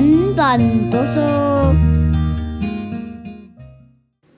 人本讀書。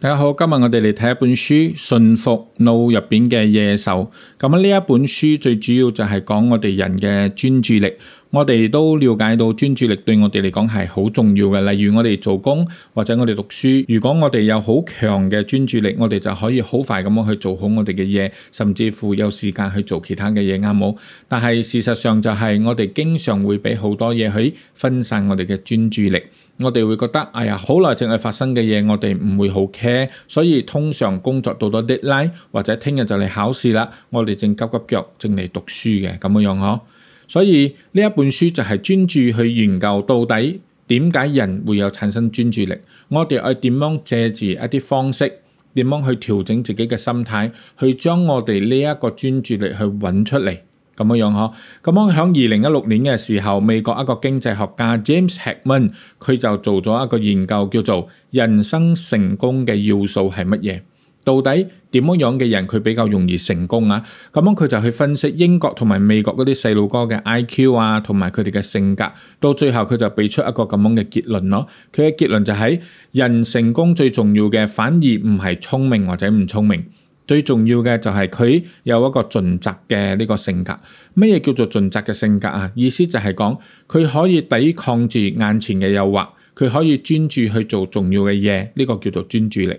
大家好，今日我哋嚟睇一本書《馴服腦入邊嘅野獸》。咁呢一本書，最主要就係講我哋人嘅專注力。我哋都了解到專注力對我哋嚟講係好重要嘅。例如我哋做工或者我哋讀書，如果我哋有好強嘅專注力，我哋就可以好快咁樣去做好我哋嘅嘢，甚至乎有時間去做其他嘅嘢，啱冇？但係事實上就係我哋經常會俾好多嘢去分散我哋嘅專注力。我哋會覺得，哎呀，好耐淨係發生嘅嘢，我哋唔會好 care，所以通常工作到咗 deadline 或者聽日就嚟考試啦，我哋正急急腳，正嚟讀書嘅咁樣樣嗬，所以呢一本書就係專注去研究到底點解人會有產生專注力，我哋係點樣借住一啲方式，點樣去調整自己嘅心態，去將我哋呢一個專注力去揾出嚟。咁樣樣嗬，咁樣響二零一六年嘅時候，美國一個經濟學家 James Heckman 佢就做咗一個研究，叫做人生成功嘅要素係乜嘢？到底點樣樣嘅人佢比較容易成功啊？咁樣佢就去分析英國同埋美國嗰啲細路哥嘅 IQ 啊，同埋佢哋嘅性格，到最後佢就俾出一個咁樣嘅結論咯。佢嘅結論就係人成功最重要嘅，反而唔係聰明或者唔聰明。最重要嘅就係佢有一個盡責嘅呢個性格。乜嘢叫做盡責嘅性格啊？意思就係講佢可以抵抗住眼前嘅誘惑，佢可以專注去做重要嘅嘢，呢個叫做專注力。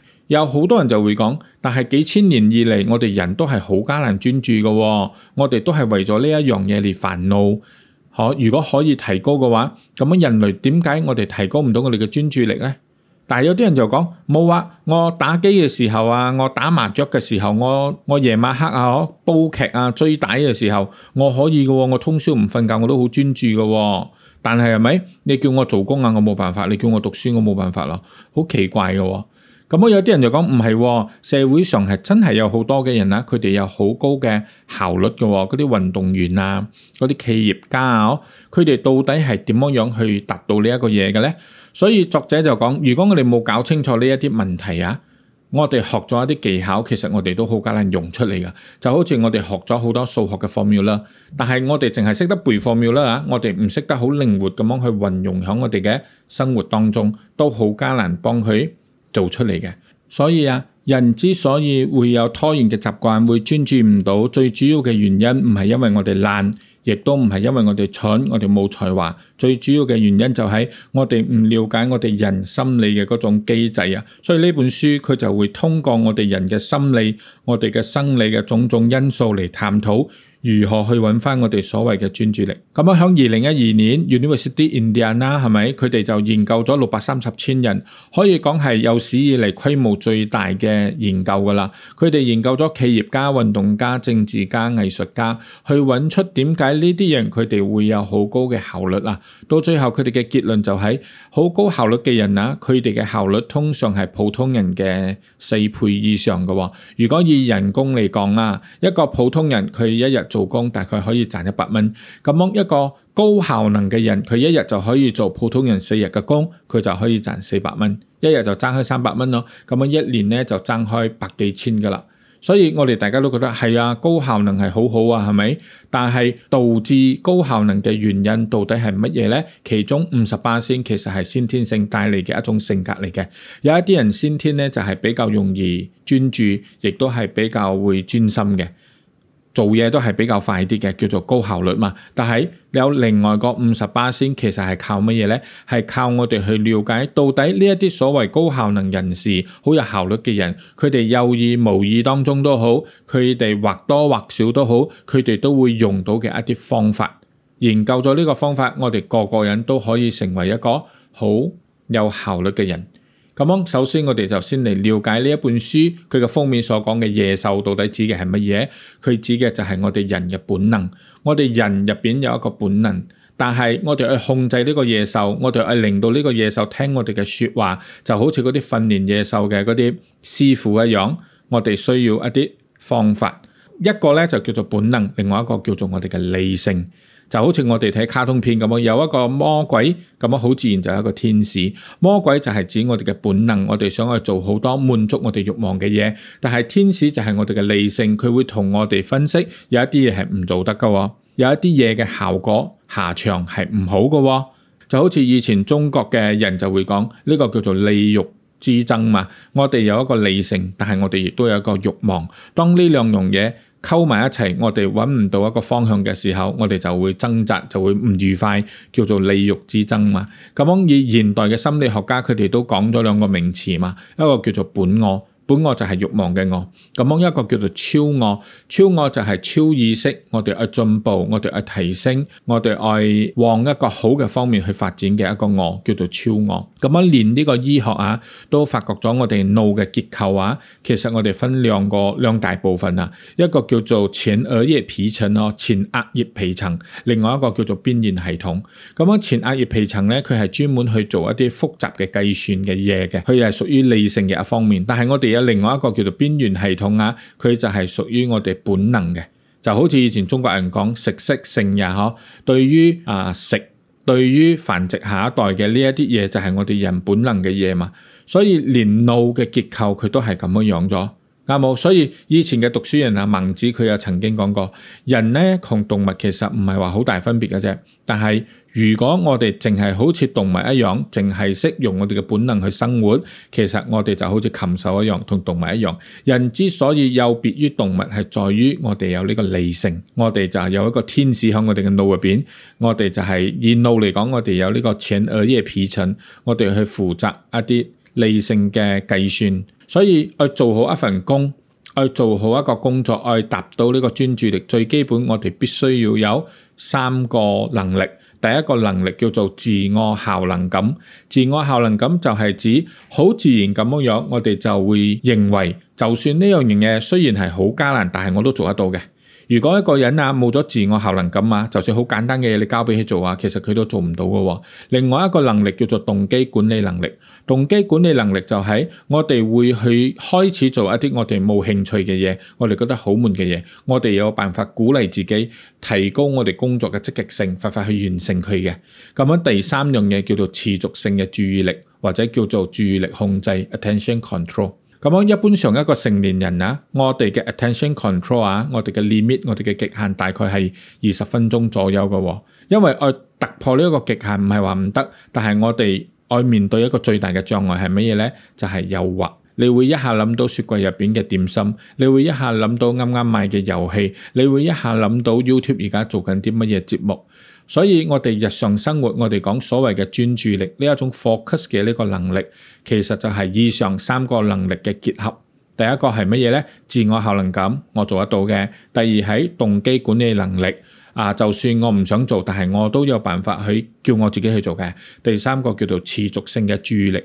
有好多人就會講，但係幾千年以嚟，我哋人都係好艱難專注嘅、哦。我哋都係為咗呢一樣嘢嚟煩惱。可、啊、如果可以提高嘅話，咁樣人類點解我哋提高唔到我哋嘅專注力呢？但係有啲人就講冇啊，我打機嘅時候啊，我打麻雀嘅時候，我我夜晚黑啊，可煲劇啊、追底嘅時候，我可以嘅、哦。我通宵唔瞓覺我都好專注嘅、哦。但係係咪你叫我做工啊，我冇辦法；你叫我讀書、啊，我冇辦法咯、啊。好奇怪嘅、哦。咁我有啲人就講唔係，社會上係真係有好多嘅人啦，佢哋有好高嘅效率嘅，嗰啲運動員啊，嗰啲企業家啊，佢哋到底係點樣去達到呢一個嘢嘅咧？所以作者就講，如果我哋冇搞清楚呢一啲問題啊，我哋學咗一啲技巧，其實我哋都好艱難用出嚟噶就好似我哋學咗好多數學嘅方妙啦，但係我哋淨係識得背方妙啦吓，我哋唔識得好靈活咁樣去運用喺我哋嘅生活當中，都好艱難幫佢。做出嚟嘅。所以啊，人之所以會有拖延嘅習慣，會專注唔到，最主要嘅原因唔係因為我哋懶，亦都唔係因為我哋蠢，我哋冇才華，最主要嘅原因就係我哋唔了解我哋人心理嘅嗰種機制啊。所以呢本書佢就會通過我哋人嘅心理、我哋嘅生理嘅種種因素嚟探討。如何去揾返我哋所謂嘅專注力？咁啊，喺二零一二年 University Indiana 係咪？佢哋就研究咗六百三十千人，可以講係有史以嚟規模最大嘅研究㗎啦。佢哋研究咗企業家、運動家、政治家、藝術家，去揾出點解呢啲人佢哋會有好高嘅效率啦。到最後佢哋嘅結論就係好高效率嘅人啊，佢哋嘅效率通常係普通人嘅四倍以上㗎喎。如果以人工嚟講啦，一個普通人佢一日，做工大概可以賺一百蚊，咁樣一個高效能嘅人，佢一日就可以做普通人四日嘅工，佢就可以賺四百蚊，一日就爭開三百蚊咯。咁樣一年咧就爭開百幾千噶啦。所以我哋大家都覺得係啊，高效能係好好啊，係咪？但係導致高效能嘅原因到底係乜嘢咧？其中五十巴仙其實係先天性帶嚟嘅一種性格嚟嘅，有一啲人先天咧就係比較容易專注，亦都係比較會專心嘅。做嘢都係比較快啲嘅，叫做高效率嘛。但係有另外個五十巴仙，其實係靠乜嘢呢？係靠我哋去了解到底呢一啲所謂高效能人士好有效率嘅人，佢哋有意無意當中都好，佢哋或多或少都好，佢哋都會用到嘅一啲方法。研究咗呢個方法，我哋個個人都可以成為一個好有效率嘅人。咁，首先我哋就先嚟了解呢一本書，佢嘅封面所講嘅野獸到底指嘅係乜嘢？佢指嘅就係我哋人嘅本能。我哋人入邊有一個本能，但係我哋去控制呢個野獸，我哋去令到呢個野獸聽我哋嘅說話，就好似嗰啲訓練野獸嘅嗰啲師傅一樣。我哋需要一啲方法，一個咧就叫做本能，另外一個叫做我哋嘅理性。就好似我哋睇卡通片咁啊，有一個魔鬼咁啊，好自然就係一個天使。魔鬼就係指我哋嘅本能，我哋想去做好多滿足我哋慾望嘅嘢。但係天使就係我哋嘅理性，佢會同我哋分析有一啲嘢係唔做得噶，有一啲嘢嘅效果下場係唔好噶。就好似以前中國嘅人就會講，呢個叫做利欲之爭嘛。我哋有一個理性，但係我哋亦都有一個慾望。當呢兩樣嘢，溝埋一齊，我哋揾唔到一個方向嘅時候，我哋就會掙扎，就會唔愉快，叫做利欲之爭嘛。咁樣以現代嘅心理學家，佢哋都講咗兩個名詞嘛，一個叫做本我。本我就係欲望嘅我，咁樣一個叫做超我，超我就係超意識，我哋愛進步，我哋愛提升，我哋愛往一個好嘅方面去發展嘅一個我，叫做超我。咁樣連呢個醫學啊，都發覺咗我哋腦嘅結構啊，其實我哋分兩個兩大部分啊，一個叫做前額葉皮層咯，前額葉皮層，另外一個叫做邊緣系統。咁樣前額葉皮層咧，佢係專門去做一啲複雜嘅計算嘅嘢嘅，佢係屬於理性嘅一方面，但係我哋另外一個叫做邊緣系統啊，佢就係屬於我哋本能嘅，就好似以前中國人講食色性也嗬，對於啊食，對於繁殖下一代嘅呢一啲嘢，就係我哋人本能嘅嘢嘛。所以連腦嘅結構佢都係咁樣樣咗，啱冇？所以以前嘅讀書人啊，孟子佢又曾經講過，人咧同動物其實唔係話好大分別嘅啫，但係，如果我哋淨係好似動物一樣，淨係識用我哋嘅本能去生活，其實我哋就好似禽獸一樣，同動物一樣。人之所以有別於動物，係在於我哋有呢個理性，我哋就係有一個天使喺我哋嘅腦入邊，我哋就係以腦嚟講，我哋有呢個前額葉皮層，我哋去負責一啲理性嘅計算。所以去做好一份工，去做好一個工作，去達到呢個專注力最基本，我哋必須要有三個能力。第一個能力叫做自我效能感，自我效能感就係指好自然咁樣樣，我哋就會認為，就算呢樣嘢雖然係好艱難，但係我都做得到嘅。如果一個人啊冇咗自我效能感啊，就算好簡單嘅嘢你交俾佢做啊，其實佢都做唔到嘅。另外一個能力叫做動機管理能力。動機管理能力就係我哋會去開始做一啲我哋冇興趣嘅嘢，我哋覺得好悶嘅嘢，我哋有辦法鼓勵自己，提高我哋工作嘅積極性，快快去完成佢嘅。咁樣第三樣嘢叫做持續性嘅注意力，或者叫做注意力控制 （attention control）。咁樣一般上一個成年人啊，我哋嘅 attention control 啊，我哋嘅 limit，我哋嘅極限大概係二十分鐘左右嘅。因為我突破呢個極限唔係話唔得，但係我哋。我面對一個最大嘅障礙係乜嘢呢？就係誘惑，你會一下諗到雪櫃入邊嘅點心，你會一下諗到啱啱買嘅遊戲，你會一下諗到 YouTube 而家做緊啲乜嘢節目。所以我哋日常生活，我哋講所謂嘅專注力呢一種 focus 嘅呢個能力，其實就係以上三個能力嘅結合。第一個係乜嘢呢？自我效能感，我做得到嘅。第二係動機管理能力。啊！就算我唔想做，但係我都有辦法去叫我自己去做嘅。第三個叫做持續性嘅注意力，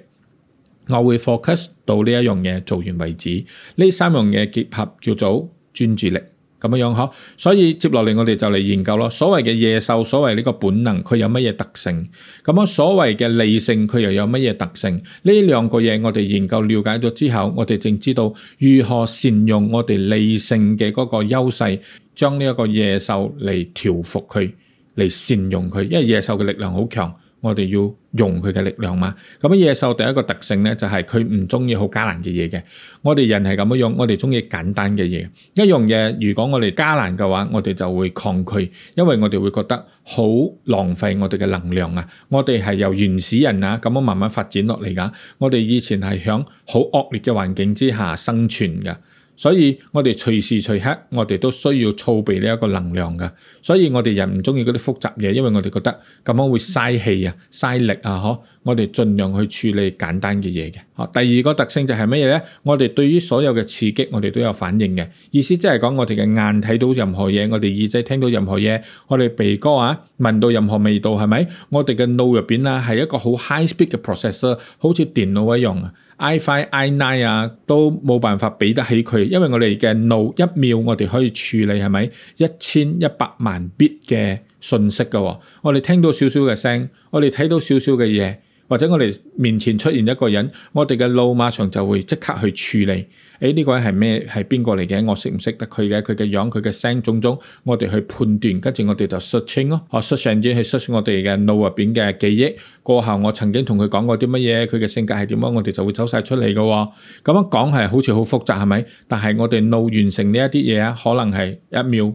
我會 focus 到呢一樣嘢做完為止。呢三樣嘢結合叫做專注力咁樣樣嗬。所以接落嚟我哋就嚟研究咯。所謂嘅野獸，所謂呢個本能，佢有乜嘢特性？咁樣所謂嘅理性，佢又有乜嘢特性？呢兩個嘢我哋研究了解咗之後，我哋淨知道如何善用我哋理性嘅嗰個優勢。將呢一個野獸嚟調服佢，嚟善用佢，因為野獸嘅力量好強，我哋要用佢嘅力量嘛。咁野獸第一個特性咧，就係佢唔中意好艱難嘅嘢嘅。我哋人係咁樣樣，我哋中意簡單嘅嘢。一樣嘢如果我哋艱難嘅話，我哋就會抗拒，因為我哋會覺得好浪費我哋嘅能量啊。我哋係由原始人啊咁樣慢慢發展落嚟噶。我哋以前係響好惡劣嘅環境之下生存噶。所以我哋隨時隨刻，我哋都需要儲備呢一個能量嘅。所以我哋人唔中意嗰啲複雜嘢，因為我哋覺得咁樣會嘥氣啊、嘥力啊。嗬，我哋盡量去處理簡單嘅嘢嘅。嗬，第二個特性就係乜嘢咧？我哋對於所有嘅刺激，我哋都有反應嘅。意思即係講我哋嘅眼睇到任何嘢，我哋耳仔聽到任何嘢，我哋鼻哥啊聞到任何味道係咪？我哋嘅腦入邊啊係一個好 high speed 嘅 processor，好似電腦一樣。iFive、iNine 啊，都冇辦法畀得起佢，因為我哋嘅腦一秒我哋可以處理係咪一千一百萬 bit 嘅信息㗎喎？我哋聽到少少嘅聲，我哋睇到少少嘅嘢，或者我哋面前出現一個人，我哋嘅腦馬上就會即刻去處理。誒呢個人係咩？係邊個嚟嘅？我識唔識得佢嘅？佢嘅樣、佢嘅聲，種種，我哋去判斷，跟住我哋就 searching 咯 searching 即係 search 我哋嘅腦入邊嘅記憶。過後我曾經同佢講過啲乜嘢，佢嘅性格係點樣，我哋就會走晒出嚟嘅喎。咁樣講係好似好複雜，係咪？但係我哋腦完成呢一啲嘢啊，可能係一秒。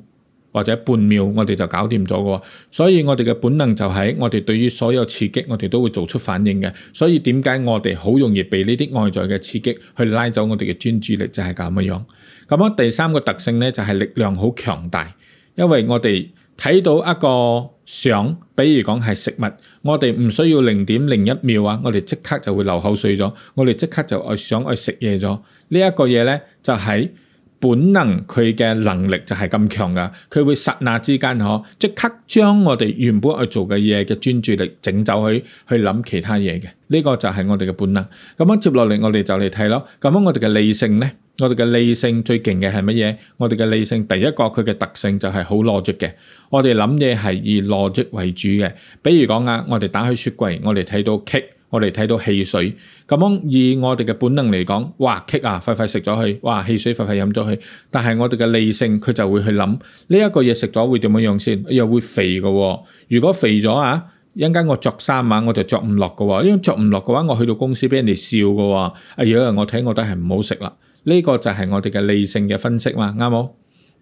或者半秒，我哋就搞掂咗嘅，所以我哋嘅本能就係、是、我哋對於所有刺激，我哋都會做出反應嘅。所以點解我哋好容易被呢啲外在嘅刺激去拉走我哋嘅專注力就係、是、咁樣。咁啊，第三個特性咧就係、是、力量好強大，因為我哋睇到一個相，比如講係食物，我哋唔需要零點零一秒啊，我哋即刻就會流口水咗，我哋即刻就去想去食嘢咗。這個、呢一個嘢咧就喺、是。本能佢嘅能力就係咁強㗎，佢會剎那之間呵、啊，即刻將我哋原本去做嘅嘢嘅專注力整走去，去諗其他嘢嘅。呢、這個就係我哋嘅本能。咁樣接落嚟，我哋就嚟睇咯。咁樣我哋嘅理性呢？我哋嘅理性最勁嘅係乜嘢？我哋嘅理性第一個佢嘅特性就係好邏輯嘅。我哋諗嘢係以邏輯為主嘅。比如講啊，我哋打開雪櫃，我哋睇到 cake，我哋睇到汽水。咁樣以我哋嘅本能嚟講，哇，蛋糕，快快食咗佢，哇，汽水快快飲咗佢。但係我哋嘅理性佢就會去諗，呢、這、一個嘢，食咗會點樣樣先？又會肥噶、哦。如果肥咗啊，一陣間我着三晚我就着唔落噶。因為着唔落嘅話，我去到公司俾人哋笑噶。哎呀，我睇我都係唔好食啦。呢、這個就係我哋嘅理性嘅分析嘛，啱冇？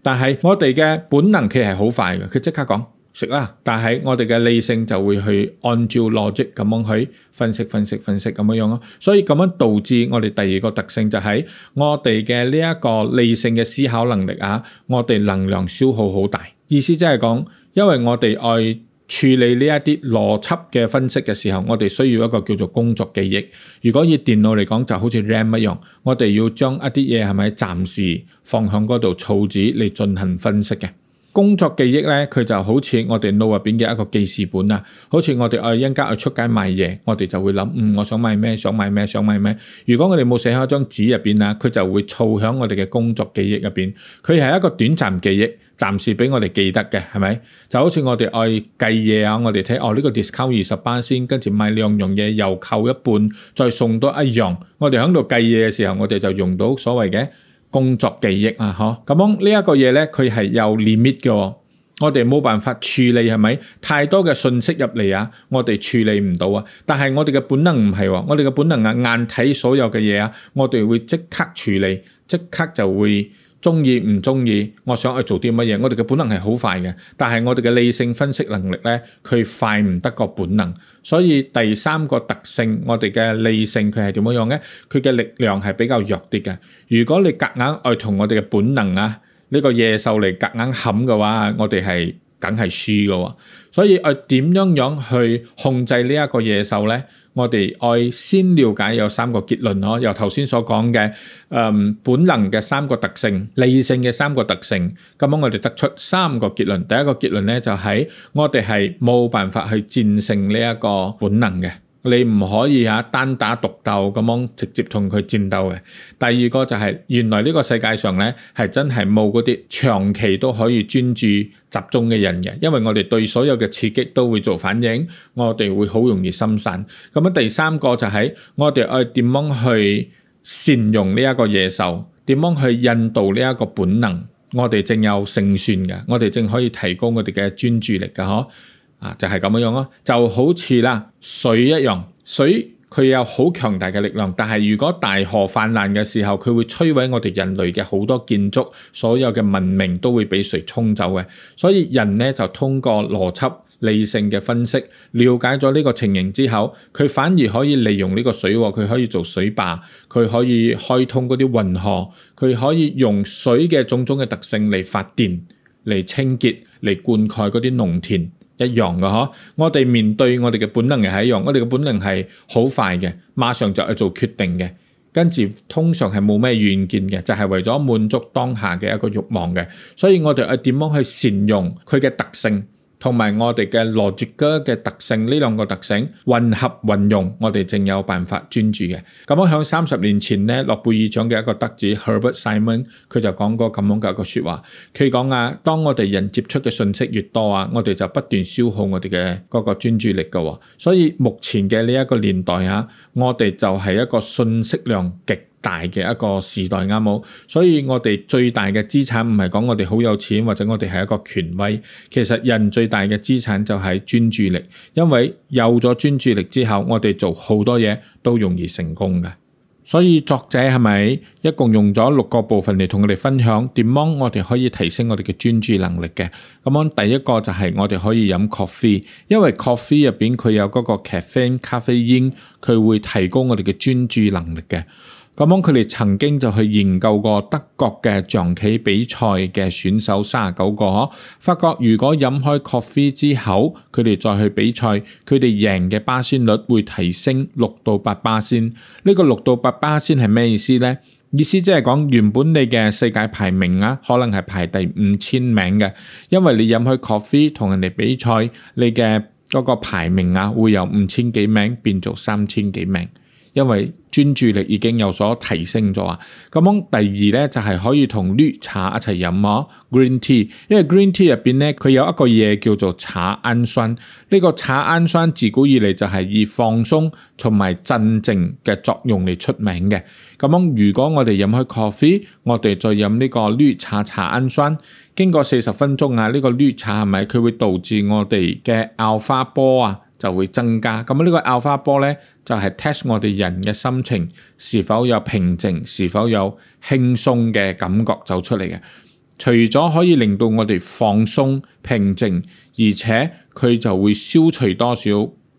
但係我哋嘅本能其實係好快嘅，佢即刻講。食啦，但係我哋嘅理性就會去按照邏輯咁樣去分析、分析、分析，咁樣樣咯。所以咁樣導致我哋第二個特性就係我哋嘅呢一個理性嘅思考能力啊，我哋能量消耗好大。意思即係講，因為我哋愛處理呢一啲邏輯嘅分析嘅時候，我哋需要一個叫做工作記憶。如果以電腦嚟講，就好似 RAM 一樣，我哋要將一啲嘢係咪暫時放響嗰度儲住嚟進行分析嘅。工作記憶咧，佢就好似我哋腦入邊嘅一個記事本啊，好似我哋愛一家去出街買嘢，我哋就會諗，嗯，我想買咩？想買咩？想買咩？如果我哋冇寫喺張紙入邊啊，佢就會儲喺我哋嘅工作記憶入邊。佢係一個短暫記憶，暫時俾我哋記得嘅，係咪？就好似我哋愛計嘢啊，我哋睇哦，呢個 discount 二十巴仙，跟住買兩樣嘢又扣一半，再送多一樣。我哋喺度計嘢嘅時候，我哋就用到所謂嘅，工作記憶啊，嗬，咁樣這呢一個嘢咧，佢係有 limit 嘅，哦，我哋冇辦法處理，係咪？太多嘅信息入嚟啊，我哋處理唔到啊。但係我哋嘅本能唔係喎，我哋嘅本能啊，眼睇所有嘅嘢啊，我哋會即刻處理，即刻就會。中意唔中意，我想去做啲乜嘢？我哋嘅本能係好快嘅，但係我哋嘅理性分析能力咧，佢快唔得個本能。所以第三個特性，我哋嘅理性佢係點樣樣咧？佢嘅力量係比較弱啲嘅。如果你夾硬愛同我哋嘅本能啊呢個野獸嚟夾硬冚嘅話，我哋係梗係輸噶。所以愛點樣樣去控制呢一個野獸咧？我哋愛先了解有三個結論咯，由頭先所講嘅，誒、呃、本能嘅三個特性、理性嘅三個特性，咁樣我哋得出三個結論。第一個結論咧就係、是、我哋係冇辦法去戰勝呢一個本能嘅。你唔可以嚇單打獨鬥咁樣直接同佢戰鬥嘅。第二個就係、是、原來呢個世界上咧係真係冇嗰啲長期都可以專注集中嘅人嘅，因為我哋對所有嘅刺激都會做反應，我哋會好容易心散。咁樣第三個就係、是、我哋愛點樣去善用呢一個野獸，點樣去印度呢一個本能，我哋正有勝算嘅，我哋正可以提高我哋嘅專注力嘅，呵。啊，就係咁樣樣咯，就好似啦水一樣，水佢有好強大嘅力量，但係如果大河泛濫嘅時候，佢會摧毀我哋人類嘅好多建築，所有嘅文明都會俾水沖走嘅。所以人呢，就通過邏輯理性嘅分析，了解咗呢個情形之後，佢反而可以利用呢個水，佢可以做水壩，佢可以開通嗰啲運河，佢可以用水嘅種種嘅特性嚟發電、嚟清潔、嚟灌溉嗰啲農田。一樣嘅嗬，我哋面對我哋嘅本能嘅係一樣，我哋嘅本能係好快嘅，馬上就去做決定嘅，跟住通常係冇咩遠見嘅，就係、是、為咗滿足當下嘅一個欲望嘅，所以我哋係點樣去善用佢嘅特性。同埋我哋嘅 logic 嘅特性呢，兩個特性混合運用，我哋正有辦法專注嘅。咁樣喺三十年前咧，諾貝爾獎嘅一個得主 Herbert Simon，佢就講過咁樣嘅一個説話。佢講啊，當我哋人接觸嘅信息越多啊，我哋就不斷消耗我哋嘅嗰個專注力㗎喎。所以目前嘅呢一個年代啊，我哋就係一個信息量極。大嘅一個時代啱冇，所以我哋最大嘅資產唔係講我哋好有錢或者我哋係一個權威。其實人最大嘅資產就係專注力，因為有咗專注力之後，我哋做好多嘢都容易成功嘅。所以作者係咪一共用咗六個部分嚟同我哋分享點樣我哋可以提升我哋嘅專注能力嘅？咁樣第一個就係我哋可以飲 coffee，因為 coffee 入邊佢有嗰個 caffeine 咖啡因，佢會提供我哋嘅專注能力嘅。咁樣佢哋曾經就去研究過德國嘅象棋比賽嘅選手三十九個，呵，發覺如果飲開 coffee 之後，佢哋再去比賽，佢哋贏嘅巴仙率會提升六到八巴仙。呢、呢個六到八巴仙係咩意思呢？意思即係講原本你嘅世界排名啊，可能係排第五千名嘅，因為你飲開 coffee 同人哋比賽，你嘅嗰個排名啊會由五千幾名變做三千幾名。因為專注力已經有所提升咗啊。咁樣第二咧就係可以同綠茶一齊飲咯，green tea。因為 green tea 入邊咧佢有一個嘢，叫做茶氨酸，呢個茶氨酸自古以嚟就係以放鬆同埋鎮靜嘅作用嚟出名嘅。咁樣如果我哋飲開 coffee，我哋再飲呢個綠茶茶氨酸，經過四十分鐘啊，呢個綠茶係咪佢會導致我哋嘅 alpha 波啊，就會增加，咁、這、呢個 Alpha 波呢，就係、是、test 我哋人嘅心情是否有平靜，是否有輕鬆嘅感覺走出嚟嘅。除咗可以令到我哋放鬆、平靜，而且佢就會消除多少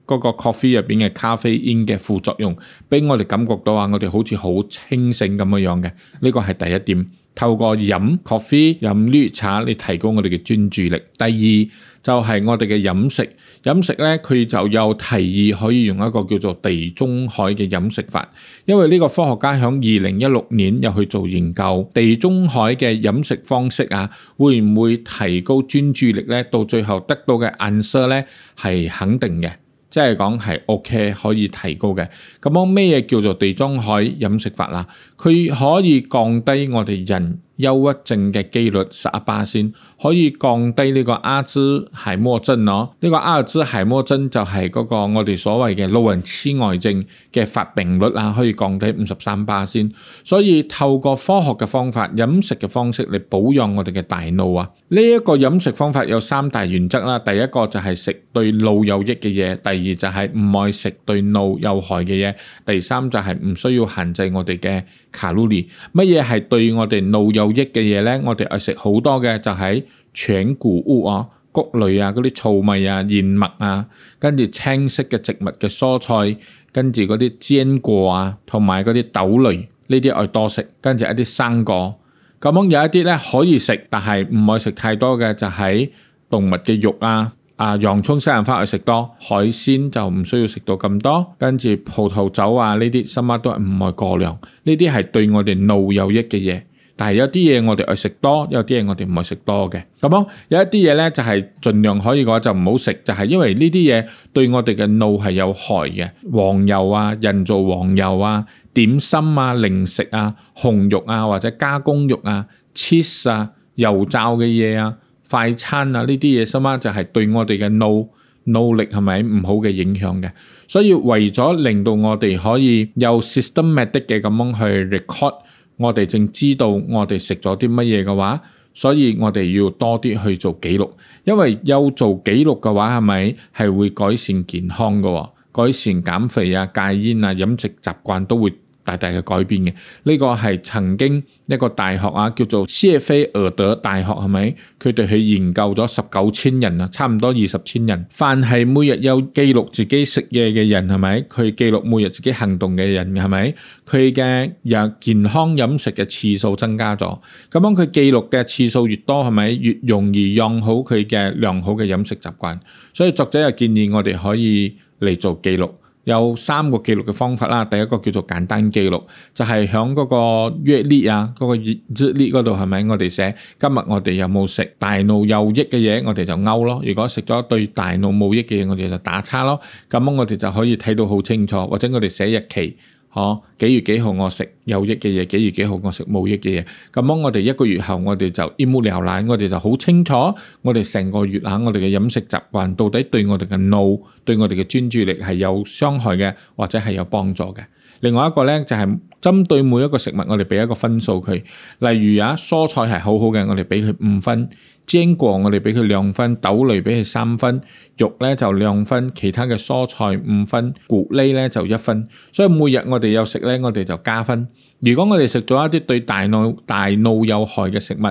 嗰個 coffee 入邊嘅咖啡因嘅副作用，俾我哋感覺到啊，我哋好似好清醒咁樣樣嘅。呢個係第一點。透過飲 coffee、飲綠茶，嚟提供我哋嘅專注力。第二。就係我哋嘅飲食，飲食咧，佢就有提議可以用一個叫做地中海嘅飲食法，因為呢個科學家響二零一六年又去做研究，地中海嘅飲食方式啊，會唔會提高專注力咧？到最後得到嘅 answer 咧係肯定嘅，即係講係 OK 可以提高嘅。咁我咩嘢叫做地中海飲食法啦？佢可以降低我哋人。憂鬱症嘅幾率十八巴先，可以降低呢個阿爾茲海默症咯、哦。呢、這個阿爾茲海默症就係嗰個我哋所謂嘅老人痴呆症嘅發病率啊，可以降低五十三巴先。所以透過科學嘅方法、飲食嘅方式嚟保養我哋嘅大腦啊。呢、這、一個飲食方法有三大原則啦。第一個就係食對腦有益嘅嘢，第二就係唔愛食對腦有害嘅嘢，第三就係唔需要限制我哋嘅卡路里。乜嘢係對我哋腦有益嘅嘢咧？我哋愛食好多嘅就喺全穀物啊、穀類啊、嗰啲糙米啊、燕麥啊，跟住青色嘅植物嘅蔬菜，跟住嗰啲堅果啊，同埋嗰啲豆類呢啲愛多食，跟住一啲生果。咁樣有一啲咧可以食，但係唔可以食太多嘅就喺、是、動物嘅肉啊。啊，洋蔥、西蘭花去食多，海鮮就唔需要食到咁多，跟住葡萄酒啊呢啲，心媽都係唔愛過量，呢啲係對我哋腦有益嘅嘢。但係有啲嘢我哋愛食多，有啲嘢我哋唔愛食多嘅。咁囉，有一啲嘢咧，就係盡量可以嘅話就唔好食，就係因為呢啲嘢對我哋嘅腦係有害嘅。黃油啊、人造黃油啊、點心啊、零食啊、紅肉啊或者加工肉啊、cheese 啊、油炸嘅嘢啊。快餐啊呢啲嘢，深啊就係對我哋嘅腦腦力係咪唔好嘅影響嘅？所以為咗令到我哋可以有 systematic 嘅咁樣去 record，我哋正知道我哋食咗啲乜嘢嘅話，所以我哋要多啲去做記錄，因為有做記錄嘅話係咪係會改善健康嘅？改善減肥啊、戒煙啊、飲食習慣都會。大大嘅改變嘅，呢個係曾經一個大學啊，叫做謝菲爾德大學係咪？佢哋去研究咗十九千人啊，差唔多二十千人，凡係每日有記錄自己食嘢嘅人係咪？佢記錄每日自己行動嘅人係咪？佢嘅日健康飲食嘅次數增加咗，咁樣佢記錄嘅次數越多係咪越容易養好佢嘅良好嘅飲食習慣？所以作者又建議我哋可以嚟做記錄。有三個記錄嘅方法啦，第一個叫做簡單記錄，就係響嗰個月曆啊，嗰個日曆嗰度係咪我哋寫今日我哋有冇食大腦有益嘅嘢，我哋就勾咯；如果食咗對大腦冇益嘅嘢，我哋就打叉咯。咁我哋就可以睇到好清楚，或者我哋寫日期。哦，幾月幾號我食有益嘅嘢？幾月幾號我食冇益嘅嘢？咁樣我哋一個月後，我哋就 emotionally 我哋就好清楚，我哋成個月啊，我哋嘅飲食習慣到底對我哋嘅腦，對我哋嘅專注力係有傷害嘅，或者係有幫助嘅。另外一個呢就係針對每一個食物，我哋俾一個分數佢。例如啊，蔬菜係好好嘅，我哋俾佢五分。堅果我哋俾佢兩分，豆類俾佢三分，肉咧就兩分，其他嘅蔬菜五分，穀類咧就一分。所以每日我哋有食咧，我哋就加分。如果我哋食咗一啲對大腦大腦有害嘅食物。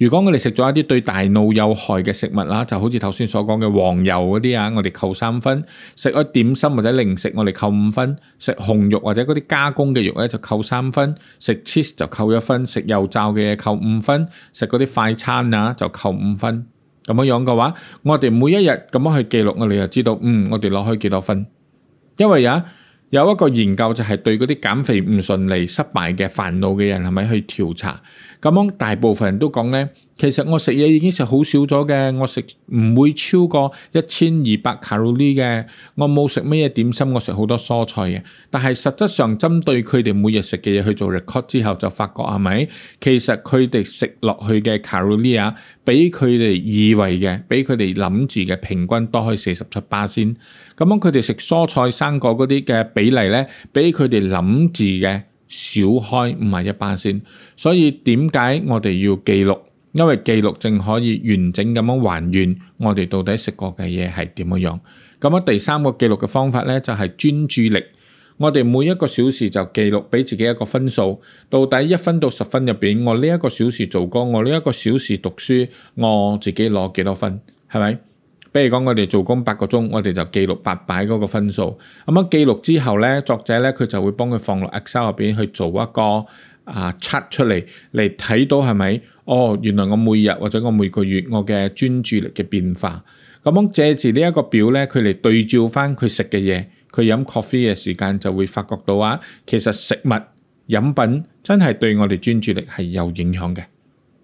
如果我哋食咗一啲對大腦有害嘅食物啦，就好似頭先所講嘅黃油嗰啲啊，我哋扣三分；食咗點心或者零食，我哋扣五分；食紅肉或者嗰啲加工嘅肉咧，就扣三分；食 cheese 就扣一分；食油炸嘅嘢扣五分；食嗰啲快餐啊就扣五分。咁樣樣嘅話，我哋每一日咁樣去記錄，我哋就知道，嗯，我哋攞開幾多分，因為啊。有一個研究就係對嗰啲減肥唔順利失敗嘅煩惱嘅人係咪去調查？咁樣大部分人都講咧。其實我食嘢已經食好少咗嘅，我食唔會超過一千二百卡路里嘅。我冇食咩嘢點心，我食好多蔬菜嘅。但係實質上針對佢哋每日食嘅嘢去做 record 之後，就發覺係咪其實佢哋食落去嘅卡路里啊，比佢哋以為嘅，比佢哋諗住嘅平均多開四十七巴先。咁樣佢哋食蔬菜生果嗰啲嘅比例咧，比佢哋諗住嘅少開五十一巴先。所以點解我哋要記錄？因為記錄正可以完整咁樣還原我哋到底食過嘅嘢係點樣樣。咁啊第三個記錄嘅方法咧就係專注力。我哋每一個小時就記錄俾自己一個分數，到底一分到十分入邊，我呢一個小時做工，我呢一個小時讀書，我自己攞幾多分？係咪？比如講我哋做工八個鐘，我哋就記錄八百嗰個分數。咁啊記錄之後咧，作者咧佢就會幫佢放落 Excel 入邊去做一個。啊，測出嚟嚟睇到係咪？哦，原來我每日或者我每個月我嘅專注力嘅變化，咁樣借住呢一個表咧，佢嚟對照翻佢食嘅嘢，佢飲 coffee 嘅時間就會發覺到啊，其實食物飲品真係對我哋專注力係有影響嘅。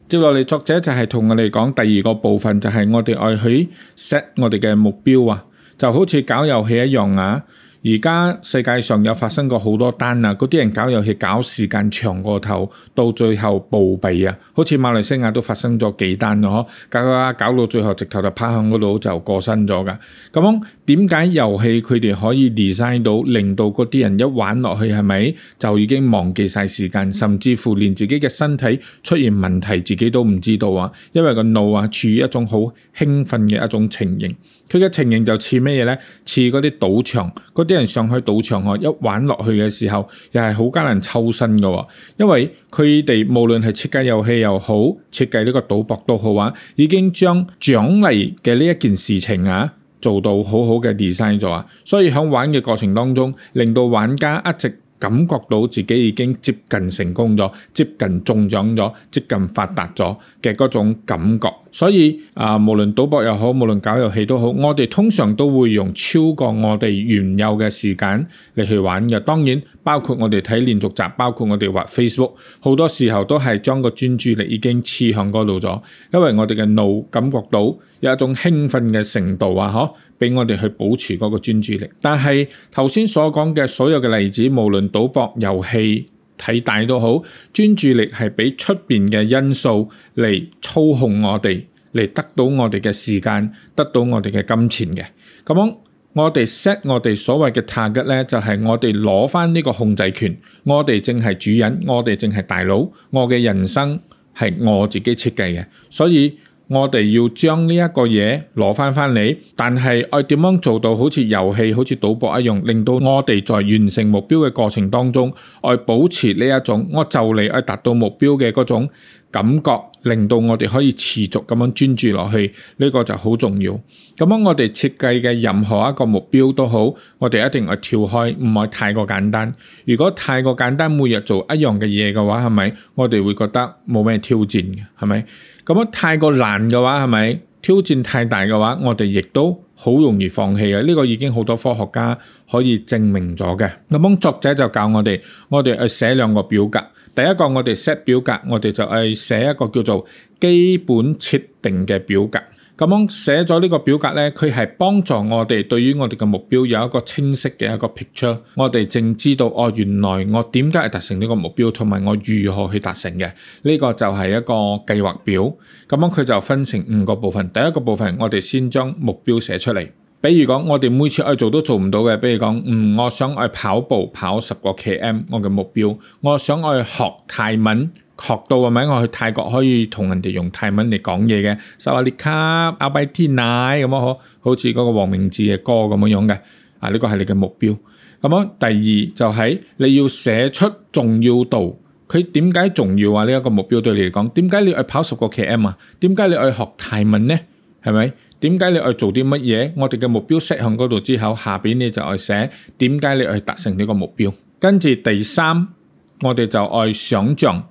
接落嚟，作者就係同我哋講第二個部分，就係我哋愛去 set 我哋嘅目標啊，就好似搞遊戲一樣啊。而家世界上有發生過好多單啊！嗰啲人搞遊戲搞時間長過頭，到最後暴斃啊！好似馬來西亞都發生咗幾單咯，搞搞搞到最後直頭就趴響嗰度就過身咗㗎。咁樣點解遊戲佢哋可以 design 到令到嗰啲人一玩落去係咪就已經忘記晒時間，甚至乎連自己嘅身體出現問題自己都唔知道啊？因為個腦啊處於一種好興奮嘅一種情形。佢嘅情形就似咩嘢咧？似嗰啲賭場，嗰啲人上去賭場哦，一玩落去嘅時候，又係好艱難抽身嘅。因為佢哋無論係設計遊戲又好，設計呢個賭博都好啊，已經將獎勵嘅呢一件事情啊做到好好嘅 design 咗啊，所以喺玩嘅過程當中，令到玩家一直，感覺到自己已經接近成功咗、接近中獎咗、接近發達咗嘅嗰種感覺，所以啊，無論賭博又好，無論搞遊戲都好，我哋通常都會用超過我哋原有嘅時間嚟去玩嘅。當然，包括我哋睇連續集，包括我哋滑 Facebook，好多時候都係將個專注力已經刺向嗰度咗，因為我哋嘅腦感覺到有一種興奮嘅程度啊，呵。俾我哋去保持嗰個專注力，但係頭先所講嘅所有嘅例子，無論賭博、遊戲、睇大都好，專注力係俾出面嘅因素嚟操控我哋，嚟得到我哋嘅時間，得到我哋嘅金錢嘅。咁我哋 set 我哋所謂嘅 target 呢，就係、是、我哋攞翻呢個控制權，我哋正係主人，我哋正係大佬，我嘅人生係我自己設計嘅，所以。我哋要將呢一個嘢攞翻翻嚟，但係我點樣做到好似遊戲、好似賭博一樣，令到我哋在完成目標嘅過程當中，我保持呢一種我就嚟達到目標嘅嗰種感覺，令到我哋可以持續咁樣專注落去，呢個就好重要。咁樣我哋設計嘅任何一個目標都好，我哋一定要跳開，唔係太過簡單。如果太過簡單，每日做一樣嘅嘢嘅話，係咪我哋會覺得冇咩挑戰嘅？係咪？咁樣，太過難嘅話係咪挑戰太大嘅話，我哋亦都好容易放棄啊！呢個已經好多科學家可以證明咗嘅。咁樣作者就教我哋，我哋去寫兩個表格。第一個我哋 set 表格，我哋就係寫一個叫做基本設定嘅表格。咁樣寫咗呢個表格咧，佢係幫助我哋對於我哋嘅目標有一個清晰嘅一個 picture。我哋正知道哦，原來我點解係達成呢個目標，同埋我如何去達成嘅。呢個就係一個計劃表。咁樣佢就分成五個部分。第一個部分，我哋先將目標寫出嚟。比如講，我哋每次去做都做唔到嘅，比如講，嗯，我想去跑步跑十個 km，我嘅目標。我想去學泰文。學到係咪？我去泰國可以同人哋用泰文嚟講嘢嘅。薩瓦迪卡阿拜天奶咁樣，好好似嗰個黃明志嘅歌咁樣樣嘅啊。呢個係你嘅目標咁啊。第二就係你要寫出重要度，佢點解重要啊？呢一個目標對你嚟講，點解你要去跑十個 KM 啊？點解你要去學泰文呢？係咪？點解你要去做啲乜嘢？我哋嘅目標 set 向嗰度之後，下邊你就愛寫點解你要去達成呢個目標。跟住第三，我哋就愛想象。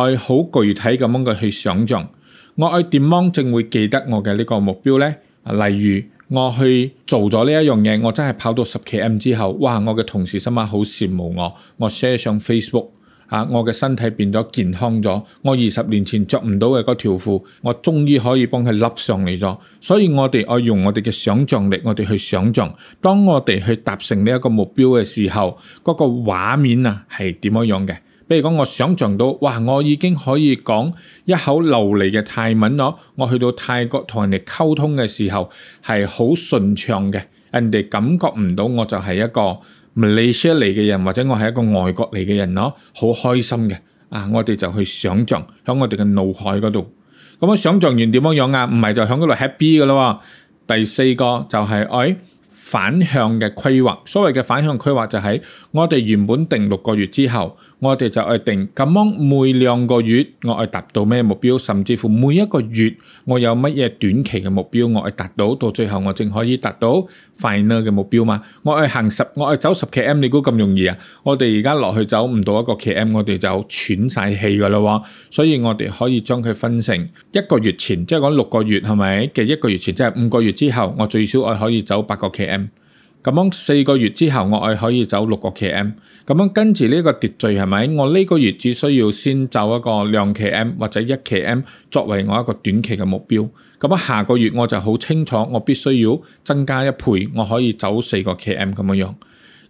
我好具體咁樣嘅去想象，我愛點樣淨會記得我嘅呢個目標呢？例如我去做咗呢一樣嘢，我真係跑到十 K M 之後，哇！我嘅同事心諗好羨慕我，我 share 上 Facebook 啊，我嘅身體變咗健康咗，我二十年前着唔到嘅嗰條褲，我終於可以幫佢笠上嚟咗。所以我哋愛用我哋嘅想象力，我哋去想象，當我哋去達成呢一個目標嘅時候，嗰個畫面啊係點樣樣嘅？比如講，我想象到，哇，我已經可以講一口流利嘅泰文咯。我去到泰國同人哋溝通嘅時候，係好順暢嘅，人哋感覺唔到我就係一個 Malaysia 嚟嘅人，或者我係一個外國嚟嘅人咯，好開心嘅。啊，我哋就去想象響我哋嘅腦海嗰度。咁、嗯、我想象完點樣樣啊？唔係就響嗰度 happy 噶咯。第四個就係、是、誒、哎、反向嘅規劃。所謂嘅反向規劃就喺、是、我哋原本定六個月之後。我哋就愛定咁樣，每兩個月我愛達到咩目標，甚至乎每一個月我有乜嘢短期嘅目標我愛達到，到最後我淨可以達到 final 嘅目標嘛。我愛行十，我愛走十 km，你估咁容易啊？我哋而家落去走唔到一個 km，我哋就喘晒氣噶啦喎。所以我哋可以將佢分成一個月前，即係講六個月係咪？嘅一個月前，即係五個月之後，我最少我可以走八個 km。咁樣四個月之後，我係可以走六個 KM。咁樣跟住呢個秩序係咪？我呢個月只需要先走一個兩 KM 或者一 KM 作為我一個短期嘅目標。咁樣下個月我就好清楚，我必須要增加一倍，我可以走四個 KM 咁樣樣。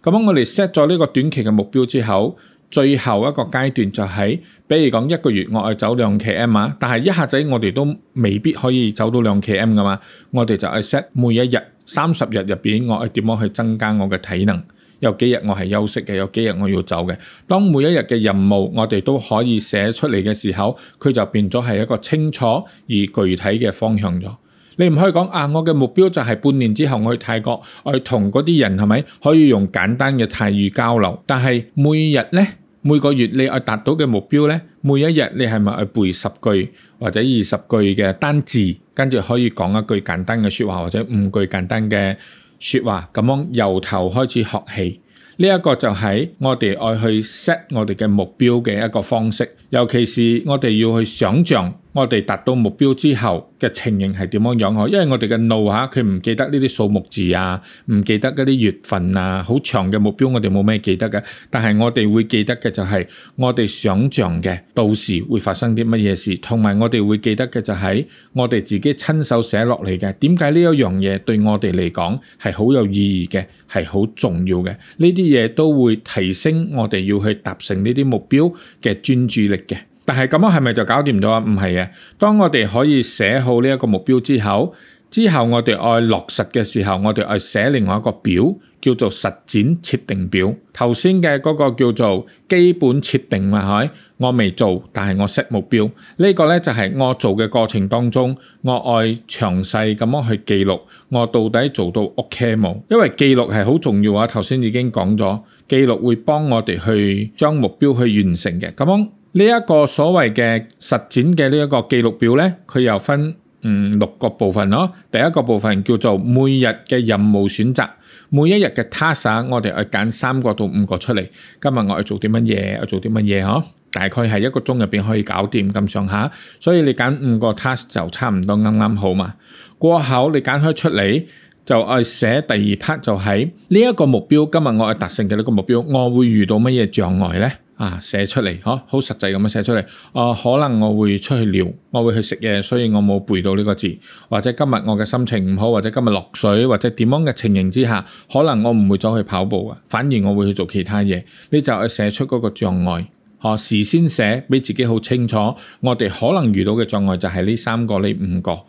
咁樣我哋 set 咗呢個短期嘅目標之後，最後一個階段就係，比如講一個月我係走兩 KM 啊，但係一下子我哋都未必可以走到兩 KM 噶嘛。我哋就係 set 每一日。三十日入邊，我係點樣去增加我嘅體能？有幾日我係休息嘅，有幾日我要走嘅。當每一日嘅任務，我哋都可以寫出嚟嘅時候，佢就變咗係一個清楚而具體嘅方向咗。你唔可以講啊！我嘅目標就係半年之後我去泰國，我係同嗰啲人係咪可以用簡單嘅泰語交流？但係每日呢，每個月你去達到嘅目標呢，每一日你係咪去背十句？或者二十句嘅單字，跟住可以講一句簡單嘅説話，或者五句簡單嘅説話，咁樣由頭開始學起。呢一個就係我哋愛去 set 我哋嘅目標嘅一個方式，尤其是我哋要去想像。我哋達到目標之後嘅情形係點樣樣？嗬，因為我哋嘅腦嚇佢唔記得呢啲數目字啊，唔記得嗰啲月份啊，好長嘅目標我哋冇咩記得嘅。但係我哋會記得嘅就係我哋想象嘅，到時會發生啲乜嘢事，同埋我哋會記得嘅就係我哋自己親手寫落嚟嘅。點解呢一樣嘢對我哋嚟講係好有意義嘅，係好重要嘅？呢啲嘢都會提升我哋要去達成呢啲目標嘅專注力嘅。係咁樣，係咪就搞掂咗啊？唔係啊。當我哋可以寫好呢一個目標之後，之後我哋愛落實嘅時候，我哋愛寫另外一個表叫做實踐設定表。頭先嘅嗰個叫做基本設定，係我未做，但係我 set 目標呢個呢，就係我做嘅過程當中，我愛詳細咁樣去記錄我到底做到 ok 冇？因為記錄係好重要啊。頭先已經講咗，記錄會幫我哋去將目標去完成嘅咁樣。呢一個所謂嘅實踐嘅呢一個記錄表咧，佢又分嗯六個部分咯。第一個部分叫做每日嘅任務選擇，每一日嘅 task 我哋去揀三個到五個出嚟。今日我去做啲乜嘢？我做啲乜嘢？呵，大概係一個鐘入邊可以搞掂咁上下。所以你揀五個 task 就差唔多啱啱好嘛。過後你揀開出嚟就去寫第二 part 就係呢一個目標，今日我要達成嘅呢個目標，我會遇到乜嘢障礙咧？啊，寫出嚟，嗬，好實際咁樣寫出嚟。啊、呃，可能我會出去聊，我會去食嘢，所以我冇背到呢個字。或者今日我嘅心情唔好，或者今日落水，或者點樣嘅情形之下，可能我唔會走去跑步啊，反而我會去做其他嘢。呢就係寫出嗰個障礙，嗬、啊，事先寫俾自己好清楚。我哋可能遇到嘅障礙就係呢三個、呢五個。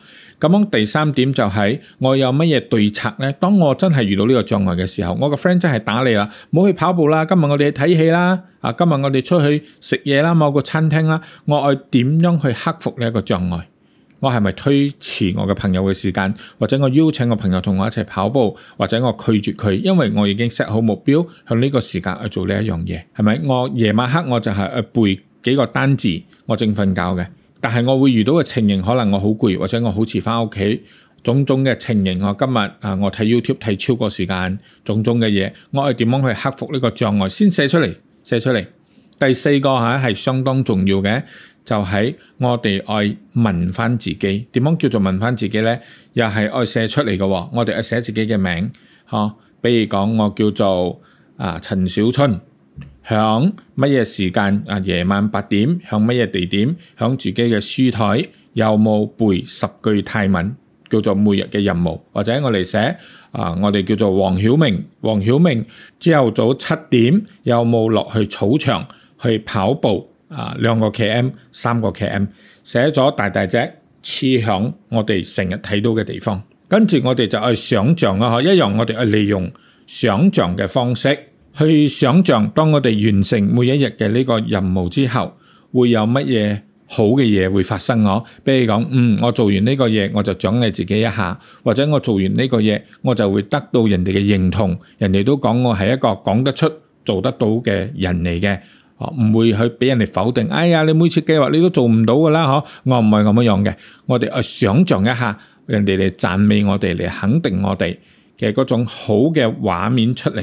咁第三點就係我有乜嘢對策呢？當我真係遇到呢個障礙嘅時候，我個 friend 真係打你啦，唔好去跑步啦，今日我哋去睇戲啦，啊，今日我哋出去食嘢啦，某個餐廳啦，我愛點樣去克服呢一個障礙？我係咪推遲我嘅朋友嘅時間，或者我邀請我朋友同我一齊跑步，或者我拒絕佢，因為我已經 set 好目標向呢個時間去做呢一樣嘢，係咪？我夜晚黑我就係誒背幾個單字，我正瞓覺嘅。但係我會遇到嘅情形，可能我好攰，或者我好遲翻屋企，種種嘅情形。我今日啊，我睇 YouTube 睇超過時間，種種嘅嘢，我係點樣去克服呢個障礙？先寫出嚟，寫出嚟。第四個吓係、啊、相當重要嘅，就喺、是、我哋愛問翻自己，點樣叫做問翻自己咧？又係愛寫出嚟嘅，我哋愛寫自己嘅名，吓、啊，比如講我叫做啊陳小春。響乜嘢時間？啊，夜晚八點。響乜嘢地點？響自己嘅書台。有冇背十句泰文？叫做每日嘅任務。或者我哋寫啊，我哋叫做黃曉明。黃曉明朝早七點有冇落去草場去跑步？啊，兩個 KM，三個 KM。寫咗大大隻，黐響我哋成日睇到嘅地方。跟住我哋就去想象啦，嗬。一樣我哋去利用想象嘅方式。去想象，當我哋完成每一日嘅呢個任務之後，會有乜嘢好嘅嘢會發生？我、啊，比如講，嗯，我做完呢個嘢，我就獎勵自己一下，或者我做完呢個嘢，我就會得到人哋嘅認同，人哋都講我係一個講得出、做得到嘅人嚟嘅，啊，唔會去俾人哋否定。哎呀，你每次計劃你都做唔到噶啦，嗬、啊，我唔係咁樣嘅。我哋想象一下，人哋嚟讚美我哋，嚟肯定我哋嘅嗰種好嘅畫面出嚟。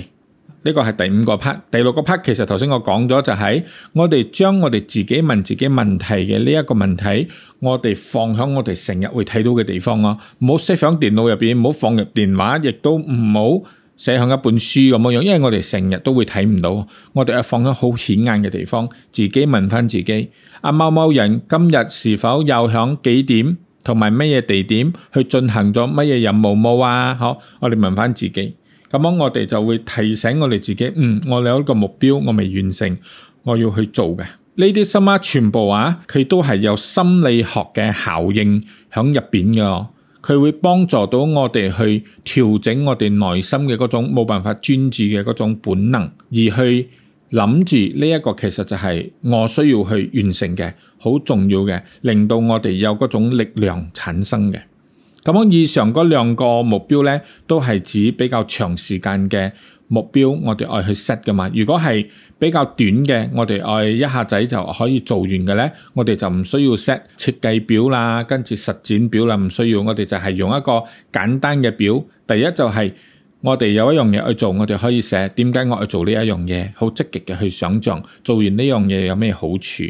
呢個係第五個 part，第六個 part 其實頭先我講咗就係、是、我哋將我哋自己問自己問題嘅呢一個問題，我哋放喺我哋成日會睇到嘅地方啊。唔好寫響電腦入邊，唔好放入電話，亦都唔好寫響一本書咁樣，因為我哋成日都會睇唔到，我哋要放喺好顯眼嘅地方，自己問翻自己，阿某某人今日是否又響幾點同埋乜嘢地點去進行咗乜嘢任務冇啊？好，我哋問翻自己。咁樣我哋就會提醒我哋自己，嗯，我哋有一個目標，我未完成，我要去做嘅。呢啲心啊，全部啊，佢都係有心理學嘅效應喺入邊㗎，佢會幫助到我哋去調整我哋內心嘅嗰種冇辦法專注嘅嗰種本能，而去諗住呢一個其實就係我需要去完成嘅，好重要嘅，令到我哋有嗰種力量產生嘅。咁我以上嗰兩個目標咧，都係指比較長時間嘅目標，我哋愛去 set 噶嘛。如果係比較短嘅，我哋愛一下仔就可以做完嘅咧，我哋就唔需要 set 設、設計表啦，跟住實踐表啦，唔需要。我哋就係用一個簡單嘅表，第一就係我哋有一樣嘢去做，我哋可以寫點解我要做呢一樣嘢，好積極嘅去想象做完呢樣嘢有咩好處，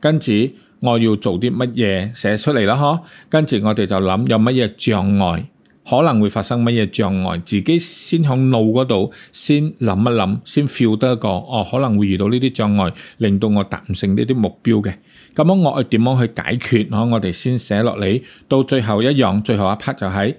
跟住。我要做啲乜嘢，寫出嚟啦，嗬。跟住我哋就諗有乜嘢障礙，可能會發生乜嘢障礙，自己先響腦嗰度先諗一諗，先 feel 得一,一個哦，可能會遇到呢啲障礙，令到我達唔成呢啲目標嘅。咁樣我點樣去解決？嗬，我哋先寫落嚟。到最後一樣，最後一 part 就係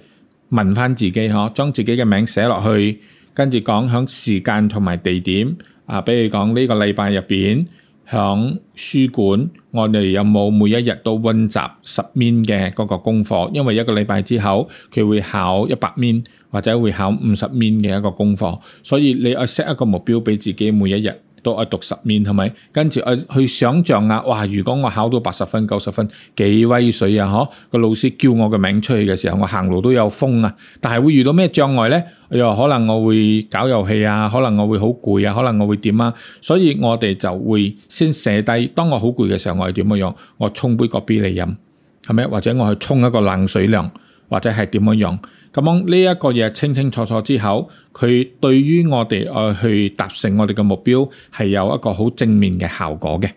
問翻自己，嗬，將自己嘅名寫落去，跟住講響時間同埋地點。啊，比如講呢個禮拜入邊。響書館，我哋有冇每一日都溫習十面嘅嗰個功課？因為一個禮拜之後佢會考一百面，或者會考五十面嘅一個功課，所以你要 set 一個目標俾自己每一日，到啊讀十面係咪？跟住啊去想象啊，哇！如果我考到八十分、九十分，幾威水啊！嗬、啊，個老師叫我個名出去嘅時候，我行路都有風啊。但係會遇到咩障礙咧？哎呀，可能我會搞遊戲啊，可能我會好攰啊，可能我會點啊。所以我哋就會先寫低，當我好攰嘅時候，我係點樣？我衝杯個 B 嚟飲，係咪？或者我去衝一個冷水涼，或者係點樣？咁呢一個嘢清清楚楚之後，佢對於我哋去達成我哋嘅目標係有一個好正面嘅效果嘅。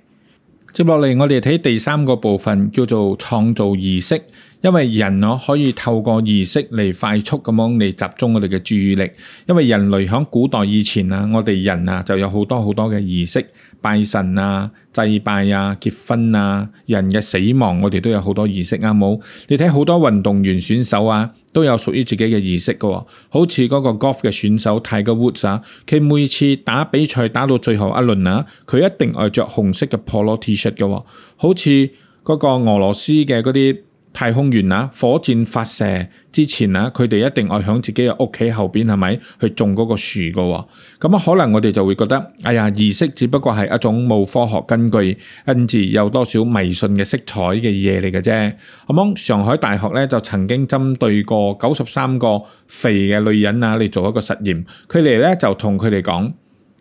接落嚟，我哋睇第三個部分叫做創造儀式，因為人可以透過儀式嚟快速咁樣嚟集中我哋嘅注意力。因為人類響古代以前啊，我哋人啊就有好多好多嘅儀式。拜神啊、祭拜啊、結婚啊、人嘅死亡，我哋都有好多儀式，啱冇？你睇好多運動員選手啊，都有屬於自己嘅儀式㗎喎，好似嗰個 golf 嘅選手 Tiger Woods 啊，佢每次打比賽打到最後一輪啊，佢一定愛着紅色嘅 polo t-shirt 㗎喎，好似嗰個俄羅斯嘅嗰啲。太空員啊，火箭發射之前啊，佢哋一定愛喺自己嘅屋企後邊，係咪去種嗰個樹㗎？咁啊，可能我哋就會覺得，哎呀，儀式只不過係一種冇科學根據，跟住有多少迷信嘅色彩嘅嘢嚟嘅啫。咁上海大學咧就曾經針對過九十三個肥嘅女人啊，嚟做一個實驗，佢哋咧就同佢哋講。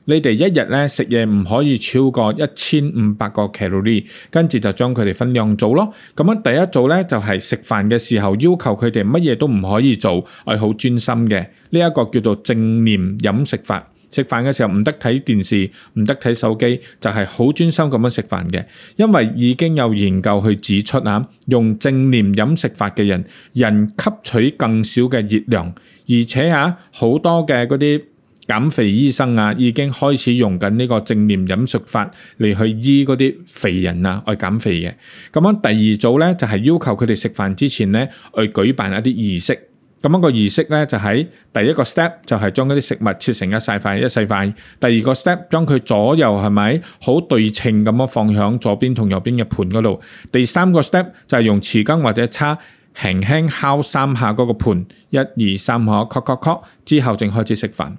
你哋一日咧食嘢唔可以超過一千五百個卡路里，跟住就將佢哋分兩組咯。咁樣第一組咧就係食飯嘅時候要求佢哋乜嘢都唔可以做，係好專心嘅。呢一個叫做正念飲食法，食飯嘅時候唔得睇電視，唔得睇手機，就係好專心咁樣食飯嘅。因為已經有研究去指出啊，用正念飲食法嘅人，人吸取更少嘅熱量，而且啊，好多嘅嗰啲，減肥醫生啊，已經開始用緊呢個正念飲食法嚟去醫嗰啲肥人啊，去減肥嘅咁樣。第二組咧就係、是、要求佢哋食飯之前咧去舉辦一啲儀式，咁樣個儀式咧就喺、是、第一個 step 就係將嗰啲食物切成一細塊一細塊，第二個 step 將佢左右係咪好對稱咁樣放響左邊同右邊嘅盤嗰度，第三個 step 就係用匙羹或者叉輕輕敲三下嗰個盤，一二三下，click click click 之後正開始食飯。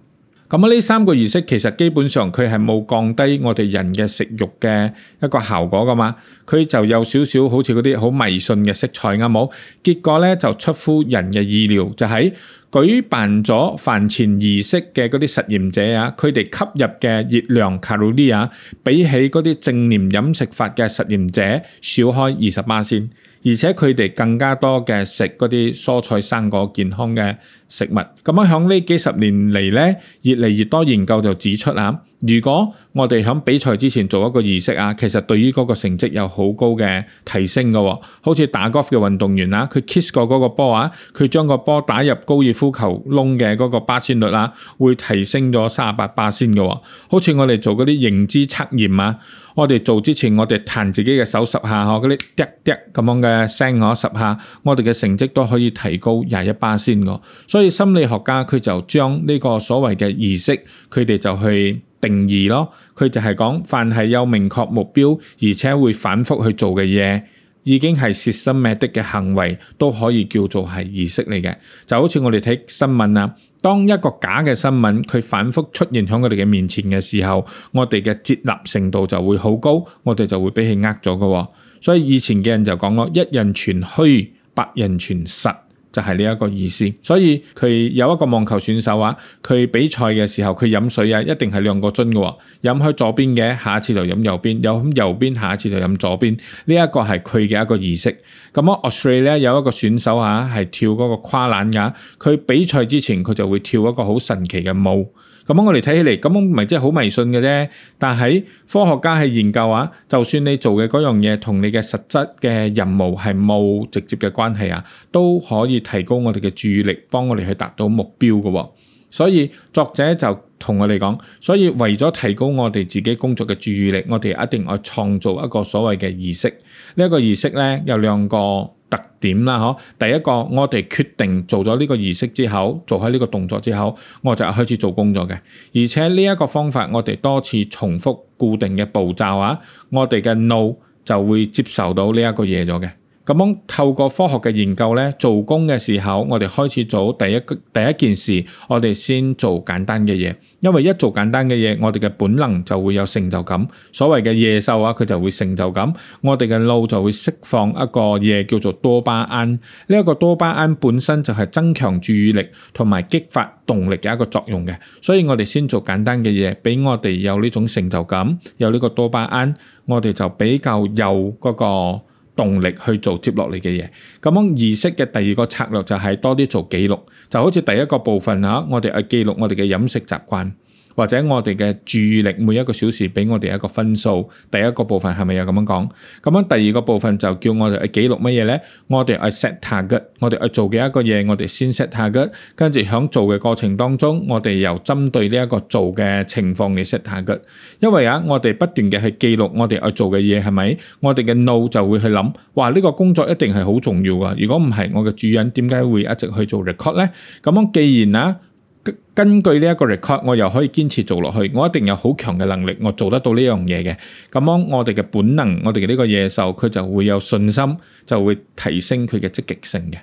咁呢三個儀式其實基本上佢係冇降低我哋人嘅食欲嘅一個效果噶嘛，佢就有少少好似嗰啲好迷信嘅色彩啊，冇結果咧就出乎人嘅意料，就喺、是、舉辦咗飯前儀式嘅嗰啲實驗者啊，佢哋吸入嘅熱量卡路里啊，比起嗰啲正念飲食法嘅實驗者少開二十八先。而且佢哋更加多嘅食嗰啲蔬菜生果健康嘅食物，咁樣響呢幾十年嚟咧，越嚟越多研究就指出啦。如果我哋喺比賽之前做一個儀式啊，其實對於嗰個成績有好高嘅提升嘅，哦，好似打 golf 嘅運動員啦，佢 kiss 過嗰個波啊，佢將個波打入高爾夫球窿嘅嗰個巴仙率啦，會提升咗三十八巴仙嘅。好似我哋做嗰啲認知測驗啊，我哋做之前我哋彈自己嘅手十下呵，嗰啲滴滴咁樣嘅聲呵十下，我哋嘅成績都可以提高廿一巴仙嘅。所以心理學家佢就將呢個所謂嘅儀式，佢哋就去。定義咯，佢就係講，凡係有明確目標而且會反復去做嘅嘢，已經係 systematic 嘅行為，都可以叫做係儀式嚟嘅。就好似我哋睇新聞啊，當一個假嘅新聞佢反復出現喺我哋嘅面前嘅時候，我哋嘅接納程度就會好高，我哋就會俾佢呃咗嘅。所以以前嘅人就講咯，一人傳虛，百人傳實。就係呢一個意思，所以佢有一個網球選手啊，佢比賽嘅時候佢飲水啊，一定係兩個樽嘅，飲開左邊嘅，下次就飲右邊，有咁右邊，下次就飲左邊，呢一個係佢嘅一個儀式。咁啊，Australia 咧有一個選手啊，係跳嗰個跨欄噶，佢比賽之前佢就會跳一個好神奇嘅舞。咁我哋睇起嚟，咁咪即係好迷信嘅啫。但喺科學家去研究啊，就算你做嘅嗰樣嘢同你嘅實質嘅任務係冇直接嘅關係啊，都可以提高我哋嘅注意力，幫我哋去達到目標嘅。所以作者就同我哋講，所以為咗提高我哋自己工作嘅注意力，我哋一定要創造一個所謂嘅儀式。這個、儀式呢，一個儀式咧有兩個特點啦，嗬！第一個，我哋決定做咗呢個儀式之後，做開呢個動作之後，我就開始做工作嘅。而且呢一個方法，我哋多次重複固定嘅步驟啊，我哋嘅腦就會接受到呢一個嘢咗嘅。咁樣透過科學嘅研究咧，做工嘅時候，我哋開始做第一第一件事，我哋先做簡單嘅嘢，因為一做簡單嘅嘢，我哋嘅本能就會有成就感。所謂嘅野獸啊，佢就會成就感，我哋嘅腦就會釋放一個嘢叫做多巴胺。呢一個多巴胺本身就係增強注意力同埋激發動力嘅一個作用嘅，所以我哋先做簡單嘅嘢，俾我哋有呢種成就感，有呢個多巴胺，我哋就比較有嗰個。動力去做接落嚟嘅嘢，咁樣儀式嘅第二個策略就係多啲做記錄，就好似第一個部分嚇，我哋係記錄我哋嘅飲食習慣。或者我哋嘅注意力每一個小時俾我哋一個分數，第一個部分係咪又咁樣講？咁樣第二個部分就叫我哋去記錄乜嘢咧？我哋去 set target，我哋去做嘅一個嘢，我哋先 set target，跟住響做嘅過程當中，我哋又針對呢一個做嘅情況嚟 set target。因為啊，我哋不斷嘅去記錄我哋去做嘅嘢，係咪？我哋嘅腦就會去諗，哇！呢個工作一定係好重要啊！如果唔係，我嘅主人點解會一直去做 record 咧？咁樣既然啦、啊。根根據呢一個 record，我又可以堅持做落去，我一定有好強嘅能力，我做得到呢樣嘢嘅。咁樣我哋嘅本能，我哋嘅呢個野獸佢就會有信心，就會提升佢嘅積極性嘅。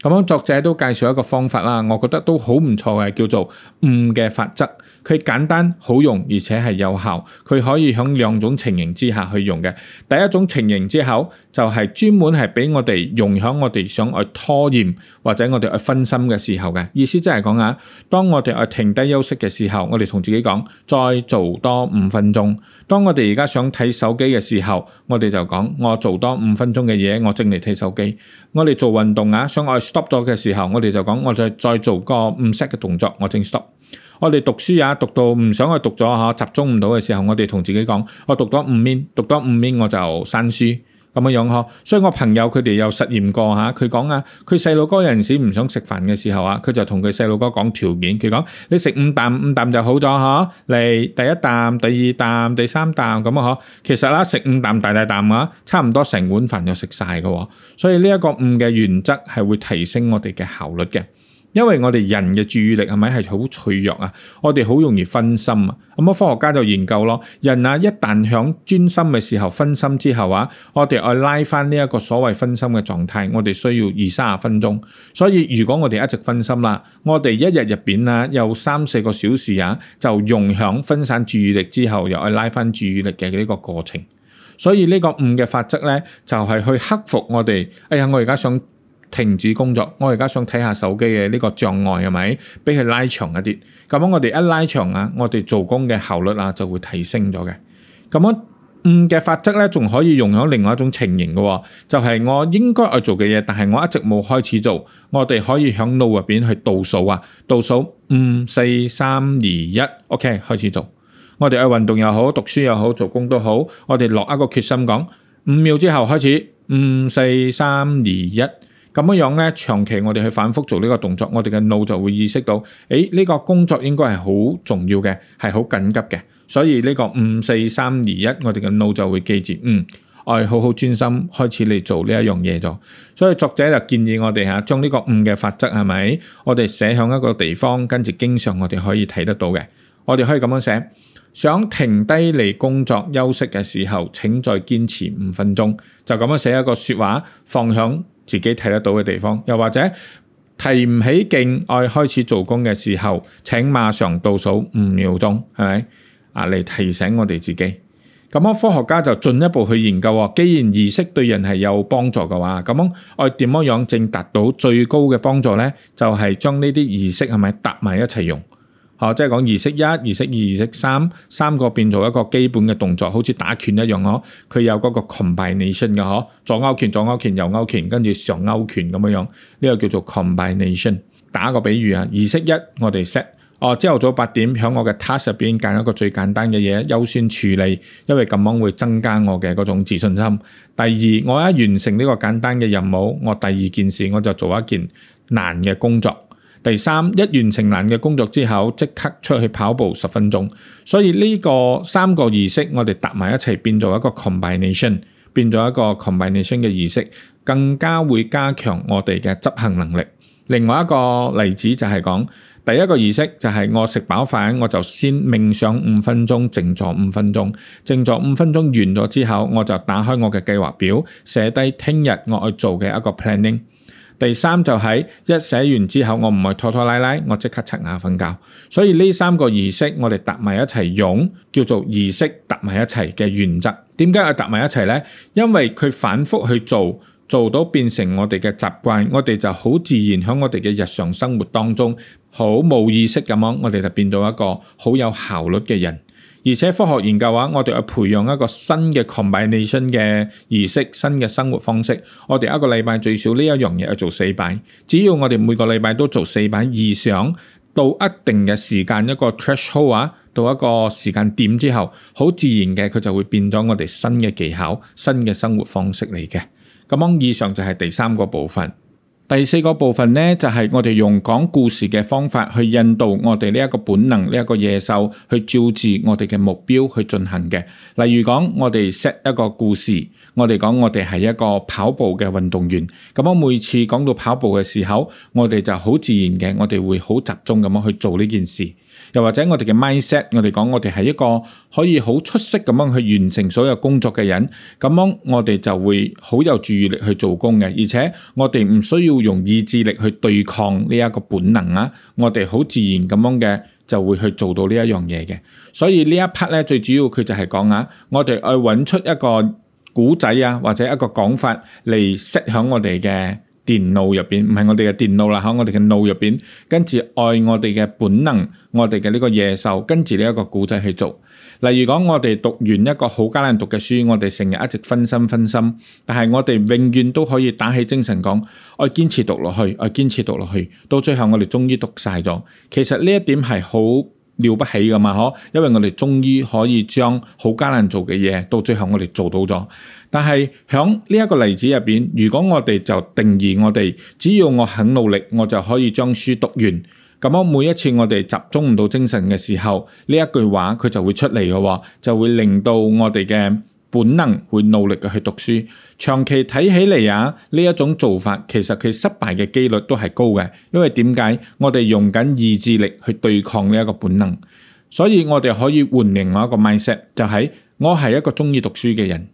咁樣作者都介紹一個方法啦，我覺得都好唔錯嘅，叫做誤嘅法則。佢簡單好用，而且係有效。佢可以喺兩種情形之下去用嘅。第一種情形之後，就係、是、專門係俾我哋用喺我哋想去拖延或者我哋去分心嘅時候嘅意思，即係講啊，當我哋去停低休息嘅時候，我哋同自己講再做多五分鐘。當我哋而家想睇手機嘅時候，我哋就講我做多五分鐘嘅嘢，我正嚟睇手機。我哋做運動啊，想我 stop 咗嘅時候，我哋就講我再再做個五 set 嘅動作，我正 stop。我哋讀書啊，讀到唔想去讀咗嗬，集中唔到嘅時候，我哋同自己講，我讀多五面，讀多五面我就刪書咁樣樣嗬。所以我朋友佢哋有實驗過吓，佢講啊，佢細路哥有陣時唔想食飯嘅時候啊，佢就同佢細路哥講條件，佢講，你食五啖五啖就好咗嗬，嚟，第一啖、第二啖、第三啖咁啊嗬。其實啦，食五啖大大啖啊，差唔多成碗飯就食晒噶。所以呢一個五嘅原則係會提升我哋嘅效率嘅。因為我哋人嘅注意力係咪係好脆弱啊？我哋好容易分心啊！咁啊，科學家就研究咯，人啊一旦響專心嘅時候分心之後啊，我哋愛拉翻呢一個所謂分心嘅狀態，我哋需要二三十分鐘。所以如果我哋一直分心啦，我哋一日入邊啊有三四個小時啊，就用響分散注意力之後又愛拉翻注意力嘅呢個過程。所以呢個五嘅法則咧，就係去克服我哋。哎呀，我而家想停止工作。我而家想睇下手機嘅呢個障礙係咪俾佢拉長一啲咁樣？我哋一拉長啊，我哋做工嘅效率啊就會提升咗嘅。咁樣五嘅法則咧，仲可以用喺另外一種情形嘅，就係我應該去做嘅嘢，但係我一直冇開始做。我哋可以響腦入邊去倒數啊，倒數五四三二一，OK 開始做。我哋去運動又好，讀書又好，做工都好，我哋落一個決心，講五秒之後開始五四三二一。咁樣樣咧，長期我哋去反覆做呢個動作，我哋嘅腦就會意識到，誒呢個工作應該係好重要嘅，係好緊急嘅。所以呢個五四三二一，我哋嘅腦就會記住，嗯，我係好好專心開始嚟做呢一樣嘢咗。所以作者就建議我哋嚇，將呢個五嘅法則係咪？我哋寫響一個地方，跟住經常我哋可以睇得到嘅。我哋可以咁樣寫，想停低嚟工作休息嘅時候，請再堅持五分鐘。就咁樣寫一個説話放響，自己睇得到嘅地方，又或者提唔起勁，我開始做工嘅時候，請馬上倒數五秒鐘，係咪啊？嚟提醒我哋自己。咁樣科學家就進一步去研究，既然儀式對人係有幫助嘅話，咁我點樣正達到最高嘅幫助呢？就係將呢啲儀式係咪搭埋一齊用？哦，即係講儀式一、儀式二、儀式三，三個變做一個基本嘅動作，好似打拳一樣哦。佢、啊、有嗰個 combination 嘅哦，左、啊、勾拳、左勾拳、右勾拳，跟住上勾拳咁樣樣，呢、這個叫做 combination。打個比喻啊，儀式一我哋 set 哦，朝頭早八點喺我嘅 task 入邊揀一個最簡單嘅嘢優先處理，因為咁樣會增加我嘅嗰種自信心。第二，我一完成呢個簡單嘅任務，我第二件事我就做一件難嘅工作。第三，一完成難嘅工作之後，即刻出去跑步十分鐘。所以呢個三個儀式，我哋搭埋一齊變做一個 combination，變咗一個 combination 嘅儀式，更加會加強我哋嘅執行能力。另外一個例子就係講，第一個儀式就係我食飽飯，我就先冥想五分鐘，靜坐五分鐘，靜坐五分鐘完咗之後，我就打開我嘅計劃表，寫低聽日我要做嘅一個 planning。第三就係一寫完之後，我唔係拖拖拉拉，我即刻刷牙瞓覺。所以呢三個儀式，我哋搭埋一齊用，叫做儀式搭埋一齊嘅原則。點解要搭埋一齊咧？因為佢反覆去做，做到變成我哋嘅習慣，我哋就好自然喺我哋嘅日常生活當中，好冇意識咁樣，我哋就變到一個好有效率嘅人。而且科學研究話，我哋去培養一個新嘅 combination 嘅儀式，新嘅生活方式。我哋一個禮拜最少呢一樣嘢要做四擺，只要我哋每個禮拜都做四擺以上，到一定嘅時間一個 threshold 啊，到一個時間點之後，好自然嘅佢就會變咗我哋新嘅技巧、新嘅生活方式嚟嘅。咁樣以上就係第三個部分。第四個部分呢，就係、是、我哋用講故事嘅方法去引導我哋呢一個本能呢一，這個野獸去照住我哋嘅目標去進行嘅。例如講，我哋 set 一個故事，我哋講我哋係一個跑步嘅運動員。咁我每次講到跑步嘅時候，我哋就好自然嘅，我哋會好集中咁樣去做呢件事。又或者我哋嘅 mindset，我哋講我哋係一個可以好出色咁樣去完成所有工作嘅人，咁樣我哋就會好有注意力去做工嘅，而且我哋唔需要用意志力去對抗呢一個本能啊，我哋好自然咁樣嘅就會去做到呢一樣嘢嘅。所以呢一 part 咧，最主要佢就係講啊，我哋去搵出一個古仔啊，或者一個講法嚟識響我哋嘅。電腦入邊唔係我哋嘅電腦啦，嚇！我哋嘅腦入邊，跟住愛我哋嘅本能，我哋嘅呢個野獸，跟住呢一個故仔去做。例如講，我哋讀完一個好艱難讀嘅書，我哋成日一直分心分心，但係我哋永遠都可以打起精神講，我堅持讀落去，我堅持讀落去，到最後我哋終於讀晒咗。其實呢一點係好了不起㗎嘛，嚇！因為我哋終於可以將好艱難做嘅嘢，到最後我哋做到咗。但係喺呢一個例子入邊，如果我哋就定義我哋，只要我肯努力，我就可以將書讀完。咁我每一次我哋集中唔到精神嘅時候，呢一句話佢就會出嚟嘅，就會令到我哋嘅本能會努力嘅去讀書。長期睇起嚟啊，呢一種做法其實佢失敗嘅幾率都係高嘅，因為點解？我哋用緊意志力去對抗呢一個本能，所以我哋可以換另外一個 mindset，就係我係一個中意讀書嘅人。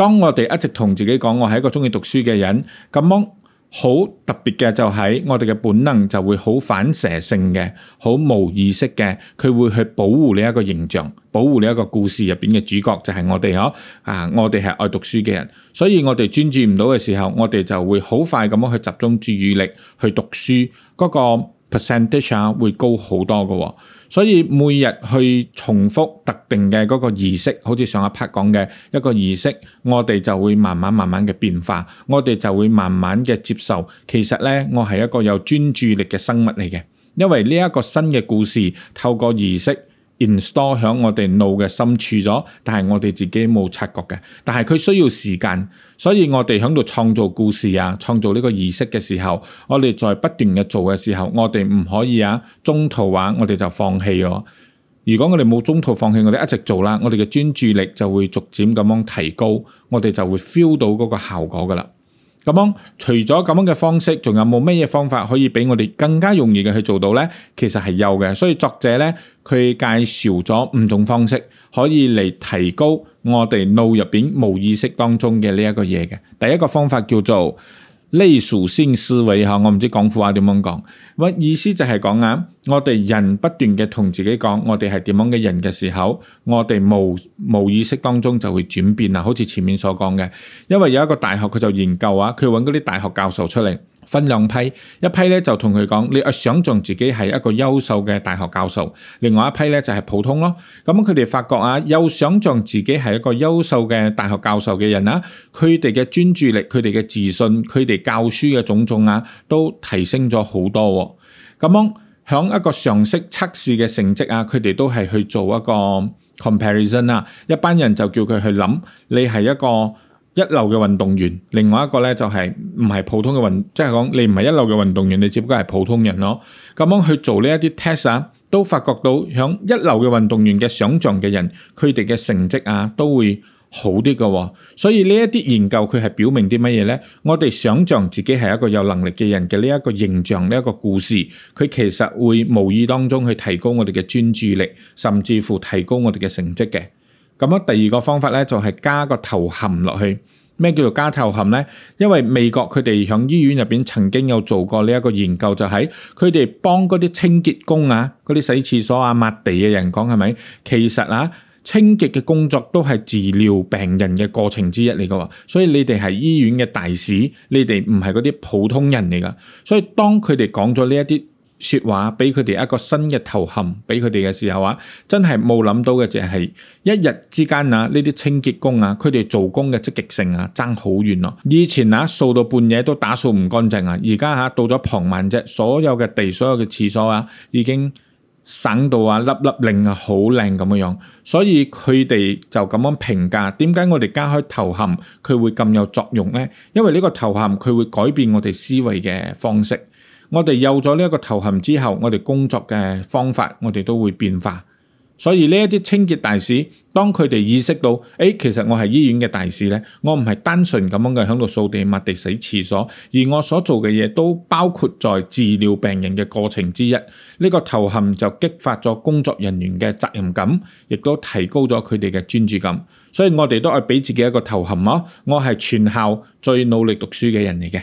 當我哋一直同自己講，我係一個中意讀書嘅人，咁樣好特別嘅就係我哋嘅本能就會好反射性嘅，好冇意識嘅，佢會去保護你一個形象，保護你一個故事入邊嘅主角就係我哋嗬啊！我哋係愛讀書嘅人，所以我哋專注唔到嘅時候，我哋就會好快咁樣去集中注意力去讀書，嗰個 percentage 會高好多噶、哦。所以每日去重複特定嘅嗰個儀式，好似上一 part 講嘅一個儀式，我哋就會慢慢慢慢嘅變化，我哋就會慢慢嘅接受。其實呢，我係一個有專注力嘅生物嚟嘅，因為呢一個新嘅故事透過儀式。install 喺我哋腦嘅深處咗，但係我哋自己冇察覺嘅。但係佢需要時間，所以我哋喺度創造故事啊，創造呢個儀式嘅時候，我哋在不斷嘅做嘅時候，我哋唔可以啊中途話，啊、我哋就放棄咯。如果我哋冇中途放棄，我哋一直做啦，我哋嘅專注力就會逐漸咁樣提高，我哋就會 feel 到嗰個效果噶啦。咁樣除咗咁樣嘅方式，仲有冇咩嘢方法可以俾我哋更加容易嘅去做到呢？其實係有嘅，所以作者呢，佢介紹咗五種方式可以嚟提高我哋腦入邊無意識當中嘅呢一個嘢嘅。第一個方法叫做。類屬性思維嚇，我唔知廣府話點樣講？咁意思就係講啊，我哋人不斷嘅同自己講，我哋係點樣嘅人嘅時候，我哋無無意識當中就會轉變啦，好似前面所講嘅，因為有一個大學佢就研究啊，佢揾嗰啲大學教授出嚟。分兩批，一批咧就同佢講，你想象自己係一個優秀嘅大學教授；另外一批咧就係普通咯。咁佢哋發覺啊，又想象自己係一個優秀嘅大學教授嘅人啊，佢哋嘅專注力、佢哋嘅自信、佢哋教書嘅種種啊，都提升咗好多。咁樣響一個常識測試嘅成績啊，佢哋都係去做一個 comparison 啊。一班人就叫佢去諗，你係一個，一流嘅運動員，另外一個咧就係唔係普通嘅運，即係講你唔係一流嘅運動員，你只不過係普通人咯。咁樣去做呢一啲 Test 啊，都發覺到響一流嘅運動員嘅想象嘅人，佢哋嘅成績啊都會好啲嘅。所以呢一啲研究，佢係表明啲乜嘢咧？我哋想象自己係一個有能力嘅人嘅呢一個形象，呢一個故事，佢其實會無意當中去提高我哋嘅專注力，甚至乎提高我哋嘅成績嘅。咁樣第二個方法咧，就係加個頭銜落去。咩叫做加頭銜咧？因為美國佢哋響醫院入邊曾經有做過呢一個研究，就係佢哋幫嗰啲清潔工啊、嗰啲洗廁所啊、抹地嘅人講係咪？其實啊，清潔嘅工作都係治療病人嘅過程之一嚟㗎喎。所以你哋係醫院嘅大使，你哋唔係嗰啲普通人嚟㗎。所以當佢哋講咗呢一啲。說話俾佢哋一個新嘅頭銜，俾佢哋嘅時候啊，真係冇諗到嘅就係一日之間啊，呢啲清潔工啊，佢哋做工嘅積極性啊，爭好遠咯。以前啊，掃到半夜都打掃唔乾淨啊，而家吓到咗傍晚啫，所有嘅地、所有嘅廁所啊，已經省到啊，粒粒令啊，好靚咁嘅樣。所以佢哋就咁樣評價。點解我哋加開頭銜佢會咁有作用呢？因為呢個頭銜佢會改變我哋思維嘅方式。我哋有咗呢一個頭銜之後，我哋工作嘅方法我哋都會變化。所以呢一啲清潔大使，當佢哋意識到，誒、欸，其實我係醫院嘅大使咧，我唔係單純咁樣嘅響度掃地抹地洗廁所，而我所做嘅嘢都包括在治療病人嘅過程之一。呢、這個頭銜就激發咗工作人員嘅責任感，亦都提高咗佢哋嘅專注感。所以我哋都係俾自己一個頭銜咯，我係全校最努力讀書嘅人嚟嘅。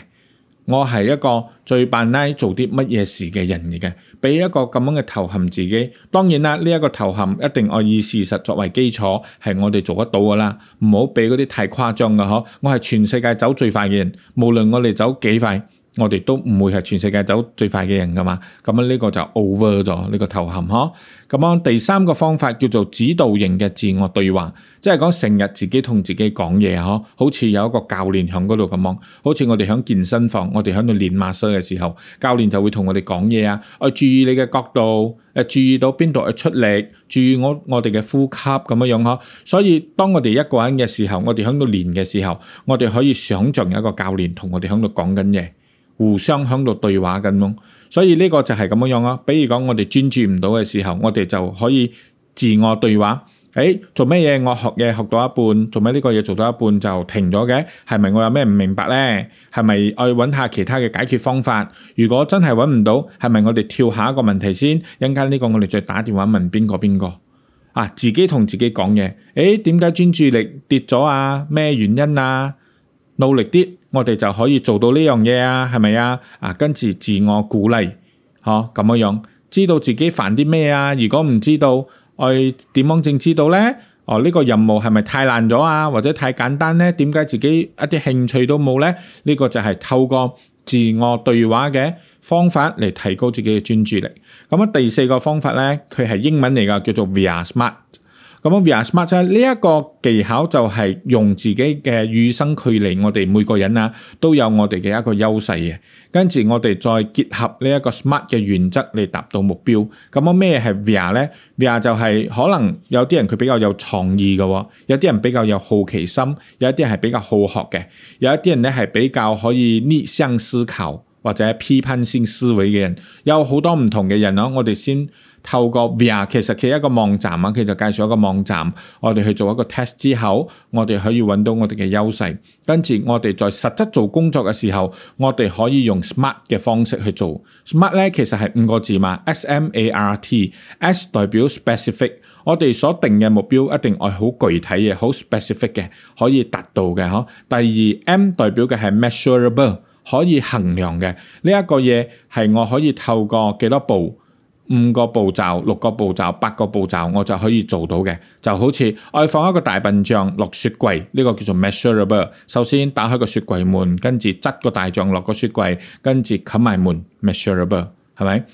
我係一個最扮拉做啲乜嘢事嘅人嚟嘅，畀一個咁樣嘅頭銜自己。當然啦，呢、這、一個頭銜一定我以事實作為基礎，係我哋做得到噶啦。唔好畀嗰啲太誇張嘅嗬。我係全世界走最快嘅人，無論我哋走幾快。我哋都唔會係全世界走最快嘅人噶嘛，咁樣呢個就 over 咗呢個頭銜呵。咁樣第三個方法叫做指導型嘅自我對話，即係講成日自己同自己講嘢呵，好似有一個教練響嗰度咁樣，好似我哋響健身房，我哋響度練馬術嘅時候，教練就會同我哋講嘢啊，誒，注意你嘅角度，誒，注意到邊度去出力，注意我我哋嘅呼吸咁樣樣呵。所以當我哋一個人嘅時候，我哋響度練嘅時候，我哋可以想像有一個教練同我哋響度講緊嘢。互相喺度對話咁樣，所以呢個就係咁樣樣咯。比如講，我哋專注唔到嘅時候，我哋就可以自我對話。誒，做咩嘢？我學嘢學到一半，做咩呢個嘢做到一半就停咗嘅？係咪我有咩唔明白呢？係咪我要揾下其他嘅解決方法？如果真係揾唔到，係咪我哋跳下一個問題先？一陣間呢個我哋再打電話問邊個邊個啊？自己同自己講嘢。誒，點解專注力跌咗啊？咩原因啊？努力啲。我哋就可以做到呢樣嘢啊，係咪啊？啊，跟住自我鼓勵，嗬、啊，咁樣樣，知道自己煩啲咩啊？如果唔知道，我點樣正知道咧？哦，呢、這個任務係咪太難咗啊？或者太簡單咧？點解自己一啲興趣都冇咧？呢、這個就係透過自我對話嘅方法嚟提高自己嘅專注力。咁、嗯、啊，第四個方法咧，佢係英文嚟噶，叫做 via smart. 咁樣 via smart 呢一個技巧，就係用自己嘅與生俱來。我哋每個人啊，都有我哋嘅一個優勢嘅。跟住我哋再結合呢一個 smart 嘅原則嚟達到目標。咁樣咩係 via 咧？via 就係可能有啲人佢比較有創意嘅，有啲人比較有好奇心，有一啲人係比較好學嘅，有一啲人咧係比較可以逆向思考或者批判性思維嘅人。有好多唔同嘅人啊，我哋先。透過 Via 其實佢一個網站啊，佢就介紹一個網站，我哋去做一個 test 之後，我哋可以揾到我哋嘅優勢，跟住我哋在實質做工作嘅時候，我哋可以用 smart 嘅方式去做。smart 咧其實係五個字嘛，S M A R T。S 代表 specific，我哋所定嘅目標一定係好具體嘅，好 specific 嘅，可以達到嘅呵。第二 M 代表嘅係 measurable，可以衡量嘅。呢一個嘢係我可以透過幾多步？五個步驟、六個步驟、八個步驟，我就可以做到嘅。就好似我放一個大笨象落雪櫃，呢個叫做 measurable。首先打開個雪櫃門，跟住執個大象落個雪櫃，跟住冚埋門。measurable 係咪？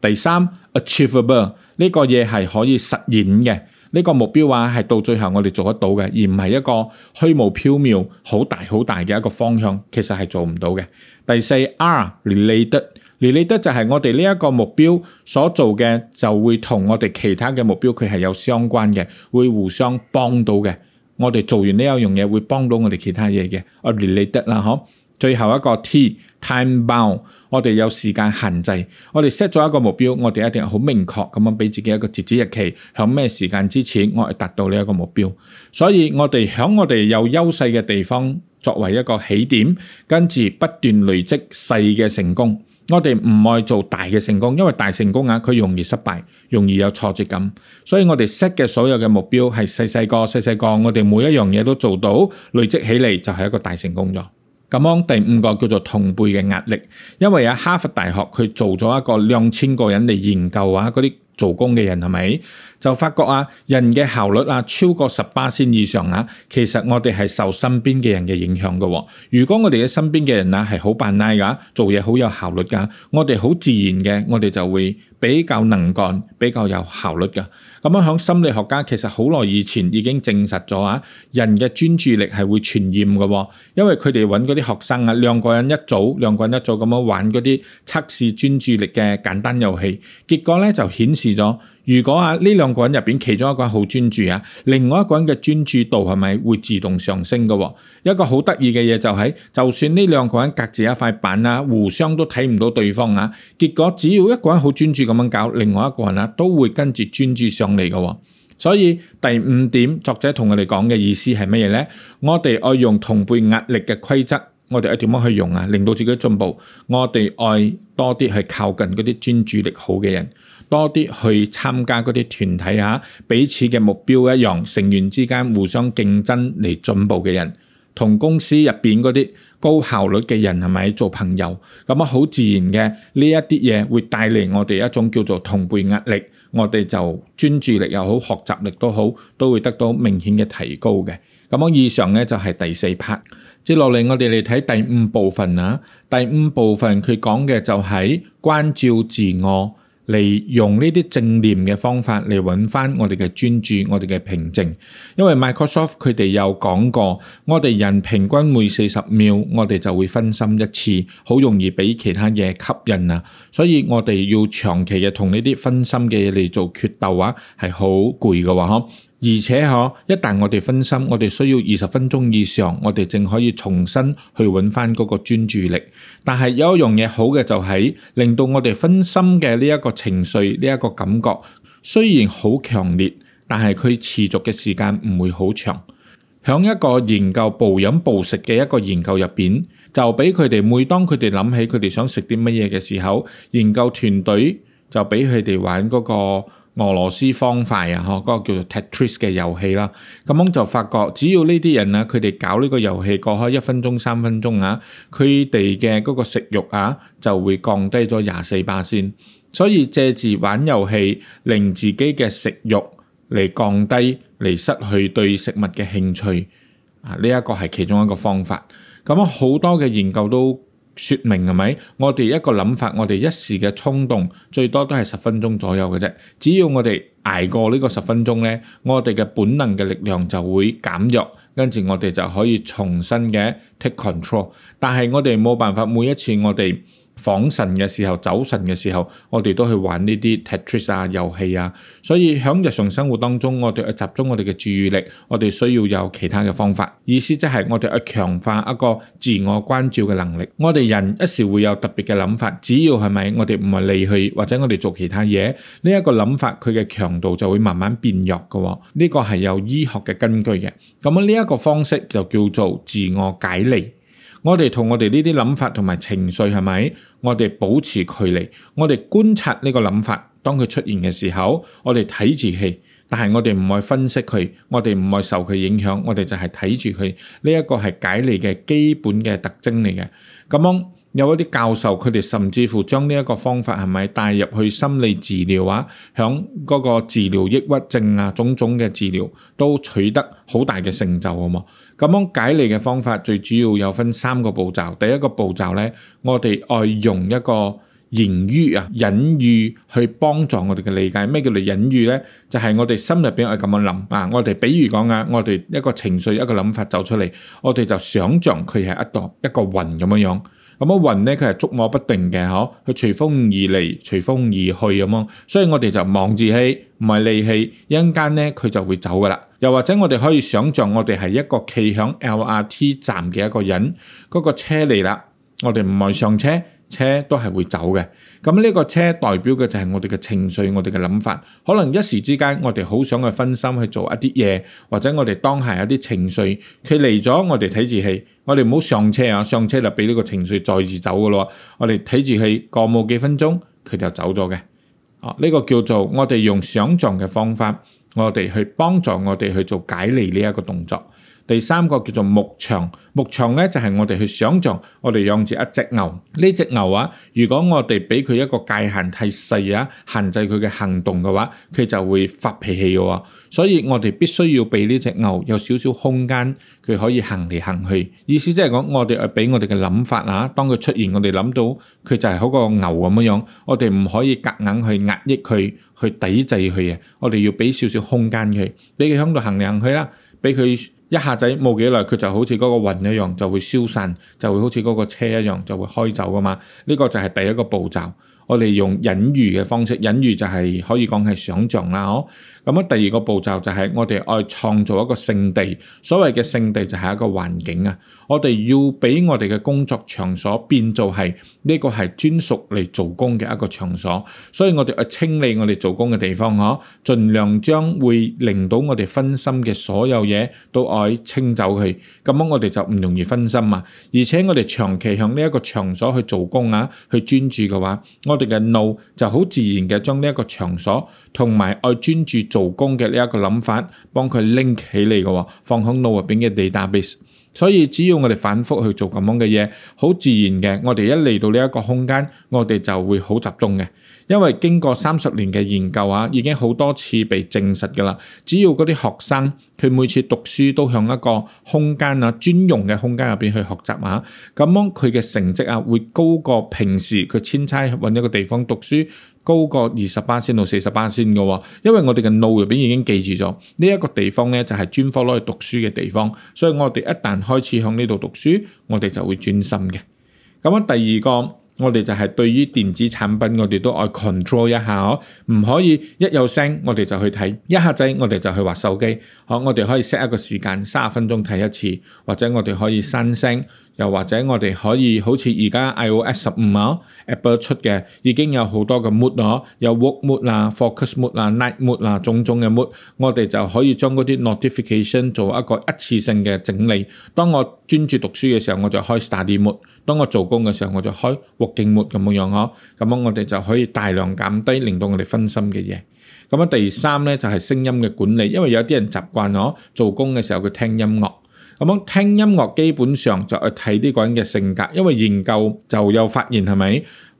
第三，achievable 呢個嘢係可以實現嘅，呢個目標話係到最後我哋做得到嘅，而唔係一個虛無縹緲、好大好大嘅一個方向，其實係做唔到嘅。第四，are related。related 就係我哋呢一個目標所做嘅，就會同我哋其他嘅目標佢係有相關嘅，會互相幫到嘅。我哋做完呢一樣嘢，會幫到我哋其他嘢嘅。我 related 啦，嗬。最後一個 T time bound，我哋有時間限制。我哋 set 咗一個目標，我哋一定好明確咁樣俾自己一個截止日期，響咩時間之前我哋達到呢一個目標。所以我哋響我哋有優勢嘅地方作為一個起點，跟住不斷累積細嘅成功。我哋唔愛做大嘅成功，因為大成功啊，佢容易失敗，容易有挫折感。所以我哋 set 嘅所有嘅目標係細細個、細細個，我哋每一樣嘢都做到，累積起嚟就係一個大成功咗。咁樣第五個叫做同輩嘅壓力，因為有哈佛大學佢做咗一個兩千個人嚟研究啊嗰啲。做工嘅人係咪就發覺啊？人嘅效率啊，超過十八巴仙以上啊。其實我哋係受身邊嘅人嘅影響噶哦。如果我哋嘅身邊嘅人啊係好扮奶噶，做嘢好有效率噶，我哋好自然嘅，我哋就會比較能幹，比較有效率噶。咁樣，響心理學家其實好耐以前已經證實咗啊，人嘅專注力係會傳染嘅，因為佢哋揾嗰啲學生啊，兩個人一組，兩個人一組咁樣玩嗰啲測試專注力嘅簡單遊戲，結果咧就顯示咗，如果啊呢兩個人入邊其中一個人好專注啊，另外一個人嘅專注度係咪會自動上升嘅？一個好得意嘅嘢就係，就算呢兩個人隔住一塊板啊，互相都睇唔到對方啊，結果只要一個人好專注咁樣搞，另外一個人啊都會跟住專注上。嚟嘅，所以第五點，作者同我哋講嘅意思係乜嘢呢？我哋愛用同輩壓力嘅規則，我哋要點樣去用啊？令到自己進步，我哋愛多啲去靠近嗰啲專注力好嘅人，多啲去參加嗰啲團體吓、啊，彼此嘅目標一樣，成員之間互相競爭嚟進步嘅人，同公司入邊嗰啲高效率嘅人係咪做朋友？咁啊，好自然嘅呢一啲嘢會帶嚟我哋一種叫做同輩壓力。我哋就專注力又好，學習力都好，都會得到明顯嘅提高嘅。咁樣以上咧就係第四 part，接落嚟我哋嚟睇第五部分啊。第五部分佢講嘅就係關照自我。嚟用呢啲正念嘅方法嚟揾翻我哋嘅專注、我哋嘅平靜。因為 Microsoft 佢哋有講過，我哋人平均每四十秒我哋就會分心一次，好容易俾其他嘢吸引啊。所以我哋要長期嘅同呢啲分心嘅嘢嚟做決鬥話，係好攰嘅話，而且嗬，一旦我哋分心，我哋需要二十分鐘以上，我哋正可以重新去揾翻嗰個專注力。但係有一樣嘢好嘅就係令到我哋分心嘅呢一個情緒、呢一個感覺，雖然好強烈，但係佢持續嘅時間唔會好長。響一個研究暴飲暴食嘅一個研究入邊，就俾佢哋每當佢哋諗起佢哋想食啲乜嘢嘅時候，研究團隊就俾佢哋玩嗰個。俄羅斯方塊啊，嗰個叫做 Tetris 嘅遊戲啦，咁樣就發覺，只要呢啲人啊，佢哋搞呢個遊戲過開一分鐘三分鐘啊，佢哋嘅嗰個食欲啊就會降低咗廿四巴仙，所以借住玩遊戲，令自己嘅食欲嚟降低，嚟失去對食物嘅興趣啊，呢一個係其中一個方法。咁好多嘅研究都。說明係咪？我哋一個諗法，我哋一時嘅衝動最多都係十分鐘左右嘅啫。只要我哋捱過呢個十分鐘咧，我哋嘅本能嘅力量就會減弱，跟住我哋就可以重新嘅 take control。但係我哋冇辦法每一次我哋。恍神嘅時候，走神嘅時候，我哋都去玩呢啲 Tetris 啊遊戲啊。所以喺日常生活當中，我哋去集中我哋嘅注意力，我哋需要有其他嘅方法。意思即係我哋要強化一個自我關照嘅能力。我哋人一時會有特別嘅諗法，只要係咪我哋唔係離去或者我哋做其他嘢，呢一個諗法佢嘅強度就會慢慢變弱嘅喎。呢個係有醫學嘅根據嘅。咁啊，呢一個方式就叫做自我解離。我哋同我哋呢啲諗法同埋情緒係咪？我哋保持距離，我哋觀察呢個諗法，當佢出現嘅時候，我哋睇住佢，但係我哋唔去分析佢，我哋唔去受佢影響，我哋就係睇住佢。呢一個係解離嘅基本嘅特徵嚟嘅。咁樣有一啲教授，佢哋甚至乎將呢一個方法係咪帶入去心理治療啊，響嗰個治療抑鬱症啊，種種嘅治療都取得好大嘅成就啊嘛～咁樣解離嘅方法最主要有分三個步驟。第一個步驟咧，我哋愛用一個言語啊隱喻去幫助我哋嘅理解。咩叫做隱喻咧？就係我哋心入邊愛咁樣諗啊！我哋比如講啊，我哋一個情緒一個諗法走出嚟，我哋就想像佢係一個一個雲咁樣樣。咁啊雲咧，佢係捉摸不定嘅嗬，佢隨風而嚟，隨風而去咁樣。所以我哋就望住氣，唔係氣，一陣間咧佢就會走噶啦。又或者我哋可以想像，我哋係一個企響 LRT 站嘅一個人，嗰個車嚟啦，我哋唔愛上車，車都係會走嘅。咁呢個車代表嘅就係我哋嘅情緒，我哋嘅諗法。可能一時之間，我哋好想去分心去做一啲嘢，或者我哋當下有啲情緒，佢嚟咗，我哋睇住佢，我哋唔好上車啊！上車就俾呢個情緒再次走噶咯。我哋睇住佢，過冇幾分鐘，佢就走咗嘅。呢個叫做我哋用想像嘅方法，我哋去幫助我哋去做解離呢一個動作。第三個叫做牧場，牧場咧就係我哋去想像，我哋養住一隻牛。呢隻牛啊，如果我哋俾佢一個界限太細啊，限制佢嘅行動嘅話，佢就會發脾氣嘅喎。所以我哋必須要俾呢隻牛有少少空間，佢可以行嚟行去。意思即係講，我哋俾我哋嘅諗法啊，當佢出現，我哋諗到佢就係嗰個牛咁樣，我哋唔可以夾硬去壓抑佢，去抵制佢嘅。我哋要俾少少空間佢，俾佢喺度行嚟行去啦，俾佢。一下子冇幾耐，佢就好似嗰個雲一樣，就會消散，就會好似嗰個車一樣，就會開走噶嘛。呢、這個就係第一個步驟。我哋用隱喻嘅方式，隱喻就係、是、可以講係想像啦，哦。咁啊，第二個步驟就係我哋愛創造一個聖地，所謂嘅聖地就係一個環境啊。我哋要俾我哋嘅工作場所變做係呢個係專屬嚟做工嘅一個場所，所以我哋去清理我哋做工嘅地方嗬，盡量將會令到我哋分心嘅所有嘢都愛清走去，咁樣我哋就唔容易分心啊。而且我哋長期向呢一個場所去做工啊，去專注嘅話，我哋嘅腦就好自然嘅將呢一個場所。同埋愛專注做工嘅呢一個諗法，幫佢拎起嚟嘅喎，放響腦入邊嘅 database。所以只要我哋反覆去做咁樣嘅嘢，好自然嘅，我哋一嚟到呢一個空間，我哋就會好集中嘅。因為經過三十年嘅研究啊，已經好多次被證實㗎喇。只要嗰啲學生佢每次讀書都向一個空間啊，專用嘅空間入邊去學習啊，咁樣佢嘅成績啊會高過平時佢千差揾一個地方讀書，高過二十八先到四十八先嘅，因為我哋嘅腦入邊已經記住咗呢一個地方咧，就係專科攞去讀書嘅地方，所以我哋一旦開始向呢度讀書，我哋就會專心嘅。咁啊，第二個我哋就係對於電子產品，我哋都愛 control 一下哦，唔可以一有聲我哋就去睇，一下仔我哋就去劃手機。好，我哋可以 set 一個時間，三十分鐘睇一次，或者我哋可以刪聲。又或者我哋可以好似而家 iOS 十五啊，Apple 出嘅已經有好多嘅 mood 啊，有 work mood 啦、focus mood 啦、night mood 啦，種種嘅 mood，我哋就可以將嗰啲 notification 做一個一次性嘅整理。當我專注讀書嘅時候，我就開 study mood；當我做工嘅時候，我就開 working mood 咁樣呵。咁樣我哋就可以大量減低令到我哋分心嘅嘢。咁樣第三咧就係聲音嘅管理，因為有啲人習慣呵，做工嘅時候，佢聽音樂。咁樣聽音樂基本上就去睇呢個人嘅性格，因為研究就有發現係咪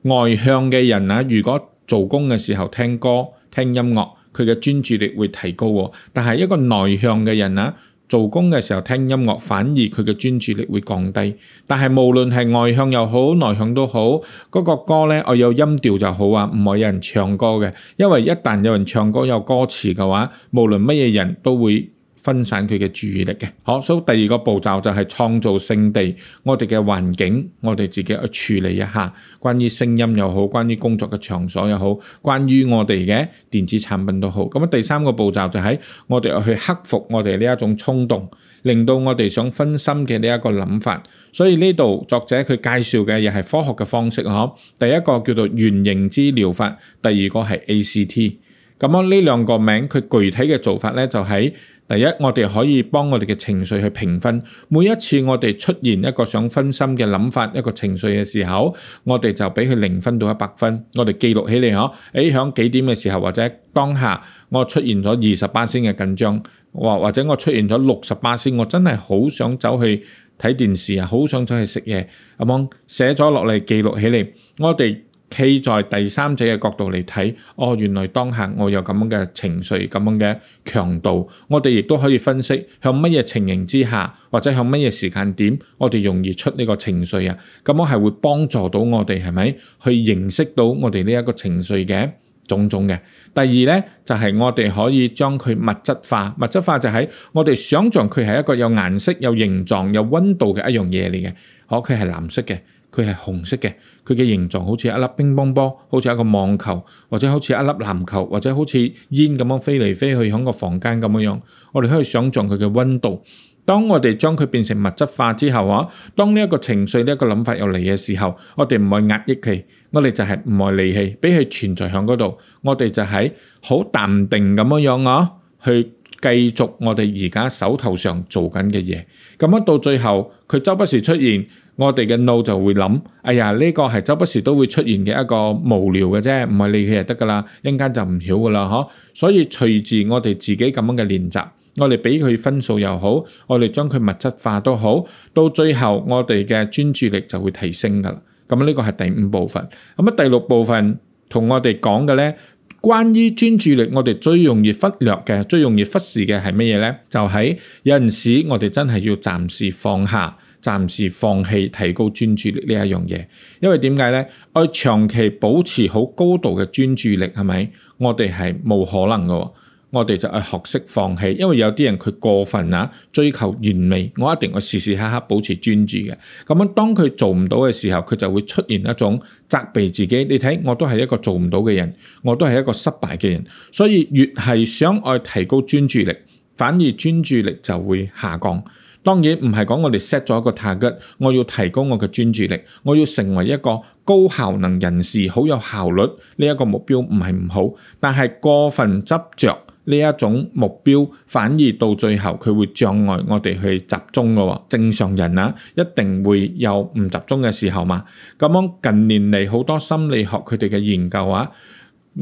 外向嘅人啊？如果做工嘅時候聽歌聽音樂，佢嘅專注力會提高喎，但係一個內向嘅人啊，做工嘅時候聽音樂，反而佢嘅專注力會降低。但係無論係外向又好，內向都好，嗰個歌咧，我有音調就好啊，唔可以有人唱歌嘅，因為一旦有人唱歌有歌詞嘅話，無論乜嘢人都會。分散佢嘅注意力嘅，好，所以第二個步驟就係創造聖地，我哋嘅環境，我哋自己去處理一下，關於聲音又好，關於工作嘅場所又好，關於我哋嘅電子產品都好。咁啊，第三個步驟就係我哋去克服我哋呢一種衝動，令到我哋想分心嘅呢一個諗法。所以呢度作者佢介紹嘅又係科學嘅方式，嗬。第一個叫做原型治療法，第二個係 ACT。咁啊，呢兩個名佢具體嘅做法咧就喺。第一，我哋可以幫我哋嘅情緒去評分。每一次我哋出現一個想分心嘅諗法、一個情緒嘅時候，我哋就畀佢零分到一百分。我哋記錄起嚟嗬，誒、哎，響幾點嘅時候或者當下，我出現咗二十八先嘅緊張，或或者我出現咗六十八先，我真係好想走去睇電視啊，好想走去食嘢，咁樣寫咗落嚟記錄起嚟，我哋。企在第三者嘅角度嚟睇，哦，原來當下我有咁樣嘅情緒，咁樣嘅強度，我哋亦都可以分析向乜嘢情形之下，或者向乜嘢時間點，我哋容易出呢個情緒啊？咁我係會幫助到我哋係咪去認識到我哋呢一個情緒嘅種種嘅？第二咧，就係我哋可以將佢物質化，物質化就係我哋想像佢係一個有顏色、有形狀、有温度嘅一樣嘢嚟嘅。好，佢係藍色嘅。佢係紅色嘅，佢嘅形狀好似一粒乒乓波，好似一個網球，或者好似一粒籃球，或者好似煙咁樣飛嚟飛去喺個房間咁樣。我哋可以想象佢嘅温度。當我哋將佢變成物質化之後啊，當呢一個情緒、呢一個諗法入嚟嘅時候，我哋唔去壓抑佢，我哋就係唔去離棄，俾佢存在喺嗰度。我哋就係好淡定咁樣啊，去繼續我哋而家手頭上做緊嘅嘢。咁樣到最後，佢周不時出現。我哋嘅腦就會諗，哎呀，呢個係周不時都會出現嘅一個無聊嘅啫，唔係理佢就得噶啦，一間就唔曉噶啦，嗬。所以隨住我哋自己咁樣嘅練習，我哋俾佢分數又好，我哋將佢物質化都好，到最後我哋嘅專注力就會提升噶啦。咁呢個係第五部分。咁啊第六部分同我哋講嘅咧，關於專注力，我哋最容易忽略嘅、最容易忽視嘅係乜嘢咧？就喺有陣時，我哋真係要暫時放下。暫時放棄提高專注力呢一樣嘢，因為點解呢？我長期保持好高度嘅專注力係咪？我哋係冇可能㗎，我哋就係學識放棄。因為有啲人佢過分啊，追求完美，我一定要時時刻刻保持專注嘅。咁樣當佢做唔到嘅時候，佢就會出現一種責備自己。你睇，我都係一個做唔到嘅人，我都係一個失敗嘅人。所以越係想愛提高專注力，反而專注力就會下降。當然唔係講我哋 set 咗一個 target，我要提高我嘅專注力，我要成為一個高效能人士，好有效率呢一個目標唔係唔好，但係過分執着呢一種目標，反而到最後佢會障礙我哋去集中咯。正常人啊，一定會有唔集中嘅時候嘛。咁樣近年嚟好多心理學佢哋嘅研究啊。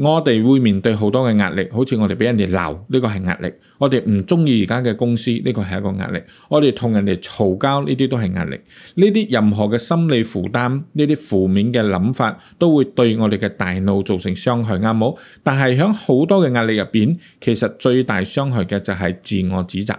我哋會面對好多嘅壓力，好似我哋俾人哋鬧，呢個係壓力；我哋唔中意而家嘅公司，呢個係一個壓力；我哋同人哋嘈交，呢啲都係壓力。呢啲任何嘅心理負擔，呢啲負面嘅諗法，都會對我哋嘅大腦造成傷害，啱唔好？但係喺好多嘅壓力入邊，其實最大傷害嘅就係自我指責。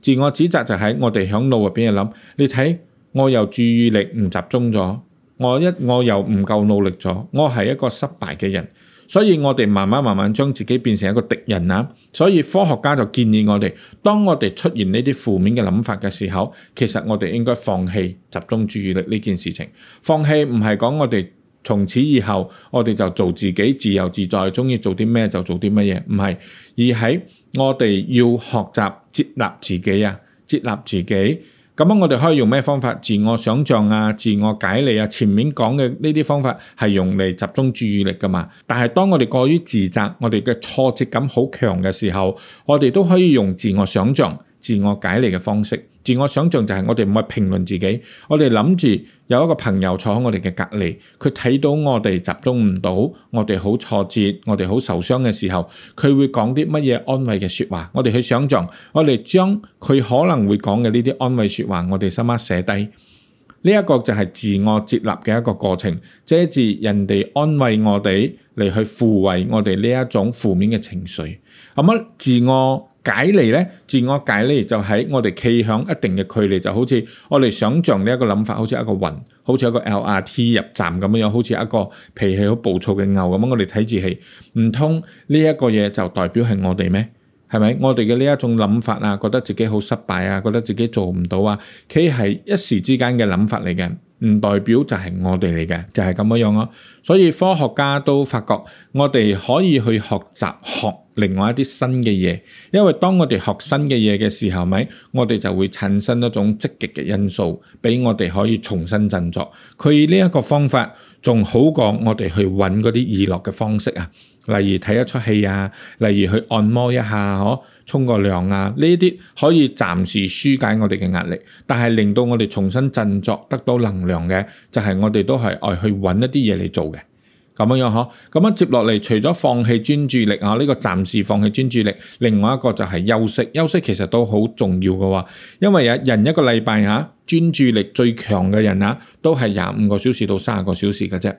自我指責就係我哋響腦入邊嘅諗，你睇我又注意力唔集中咗，我一我又唔夠努力咗，我係一個失敗嘅人。所以我哋慢慢慢慢將自己變成一個敵人啊！所以科學家就建議我哋，當我哋出現呢啲負面嘅諗法嘅時候，其實我哋應該放棄集中注意力呢件事情。放棄唔係講我哋從此以後我哋就做自己自由自在，中意做啲咩就做啲乜嘢，唔係，而係我哋要學習接納自己啊，接納自己。咁我哋可以用咩方法？自我想像啊，自我解離啊，前面講嘅呢啲方法係用嚟集中注意力㗎嘛。但係當我哋過於自責，我哋嘅挫折感好強嘅時候，我哋都可以用自我想像、自我解離嘅方式。自我想像就係我哋唔係評論自己，我哋諗住。有一個朋友坐喺我哋嘅隔離，佢睇到我哋集中唔到，我哋好挫折，我哋好受傷嘅時候，佢會講啲乜嘢安慰嘅說話。我哋去想象，我哋將佢可能會講嘅呢啲安慰說話，我哋心一寫低，呢一個就係自我接納嘅一個過程，即借住人哋安慰我哋嚟去撫慰我哋呢一種負面嘅情緒，咁啊自我。解離咧，自我解離就喺我哋企響一定嘅距離，就好似我哋想象呢一個諗法，好似一個雲，好似一個 LRT 入站咁樣樣，好似一個脾氣好暴躁嘅牛咁。我哋睇住係，唔通呢一個嘢就代表係我哋咩？係咪我哋嘅呢一種諗法啊？覺得自己好失敗啊，覺得自己做唔到啊？企係一時之間嘅諗法嚟嘅，唔代表就係我哋嚟嘅，就係咁樣樣咯。所以科學家都發覺，我哋可以去學習學。另外一啲新嘅嘢，因為當我哋學新嘅嘢嘅時候，咪我哋就會產生一種積極嘅因素，畀我哋可以重新振作。佢呢一個方法仲好過我哋去揾嗰啲娛樂嘅方式啊，例如睇一出戲啊，例如去按摩一下呵，沖個涼啊，呢啲可以暫時舒解我哋嘅壓力，但係令到我哋重新振作得到能量嘅，就係我哋都係愛去揾一啲嘢嚟做嘅。.咁樣樣嗬，咁樣接落嚟，除咗放棄專注力啊，呢個暫時放棄專注力，另外一個就係休息。休息其實都好重要嘅喎，因為啊，人一個禮拜吓專注力最強嘅人啊，都係廿五個小時到三十個小時嘅啫。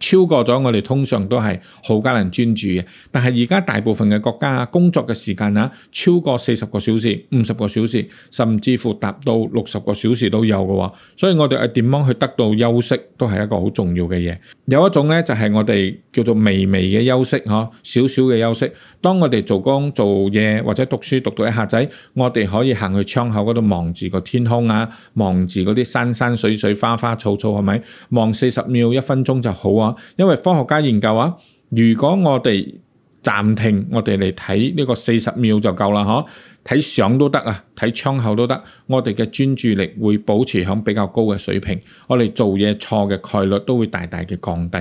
超過咗我哋通常都係好艱難專注嘅，但係而家大部分嘅國家工作嘅時間啊，超過四十個小時、五十個小時，甚至乎達到六十個小時都有嘅喎。所以我哋係點樣去得到休息都係一個好重要嘅嘢。有一種咧就係我哋叫做微微嘅休息，嗬，少少嘅休息。當我哋做工做嘢或者讀書讀到一下仔，我哋可以行去窗口嗰度望住個天空啊，望住嗰啲山山水水、花花草草，係咪？望四十秒、一分鐘就好啊。因為科學家研究啊，如果我哋暫停，我哋嚟睇呢個四十秒就夠啦，嗬？睇相都得啊，睇窗口都得，我哋嘅專注力會保持響比較高嘅水平，我哋做嘢錯嘅概率都會大大嘅降低。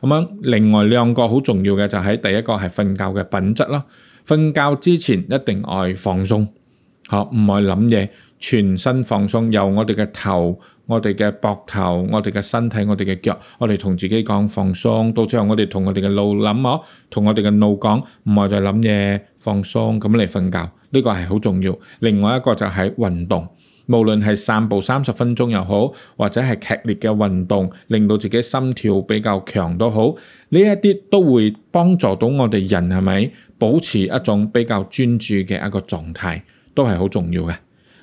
咁樣，另外兩個好重要嘅就係第一個係瞓覺嘅品質啦。瞓覺之前一定愛放鬆，吓唔愛諗嘢，全身放鬆，由我哋嘅頭。我哋嘅膊頭、我哋嘅身體、我哋嘅腳，我哋同自己講放鬆。到最後，我哋同我哋嘅腦諗哦，同我哋嘅腦講，唔係就諗嘢，放鬆，咁嚟瞓覺呢個係好重要。另外一個就係運動，無論係散步三十分鐘又好，或者係劇烈嘅運動，令到自己心跳比較強都好，呢一啲都會幫助到我哋人係咪保持一種比較專注嘅一個狀態，都係好重要嘅。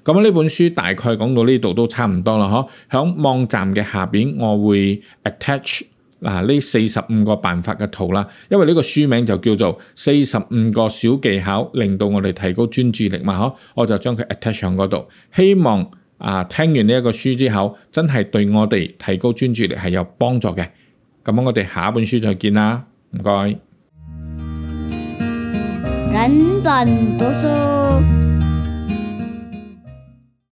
咁呢本書大概講到呢度都差唔多啦，嗬！喺網站嘅下邊，我會 attach 嗱呢四十五個辦法嘅圖啦，因為呢個書名就叫做《四十五個小技巧》，令到我哋提高專注力嘛，嗬！我就將佢 attach 上嗰度，希望啊聽完呢一個書之後，真係對我哋提高專注力係有幫助嘅。咁我哋下一本書再見啦，唔該。人本讀書。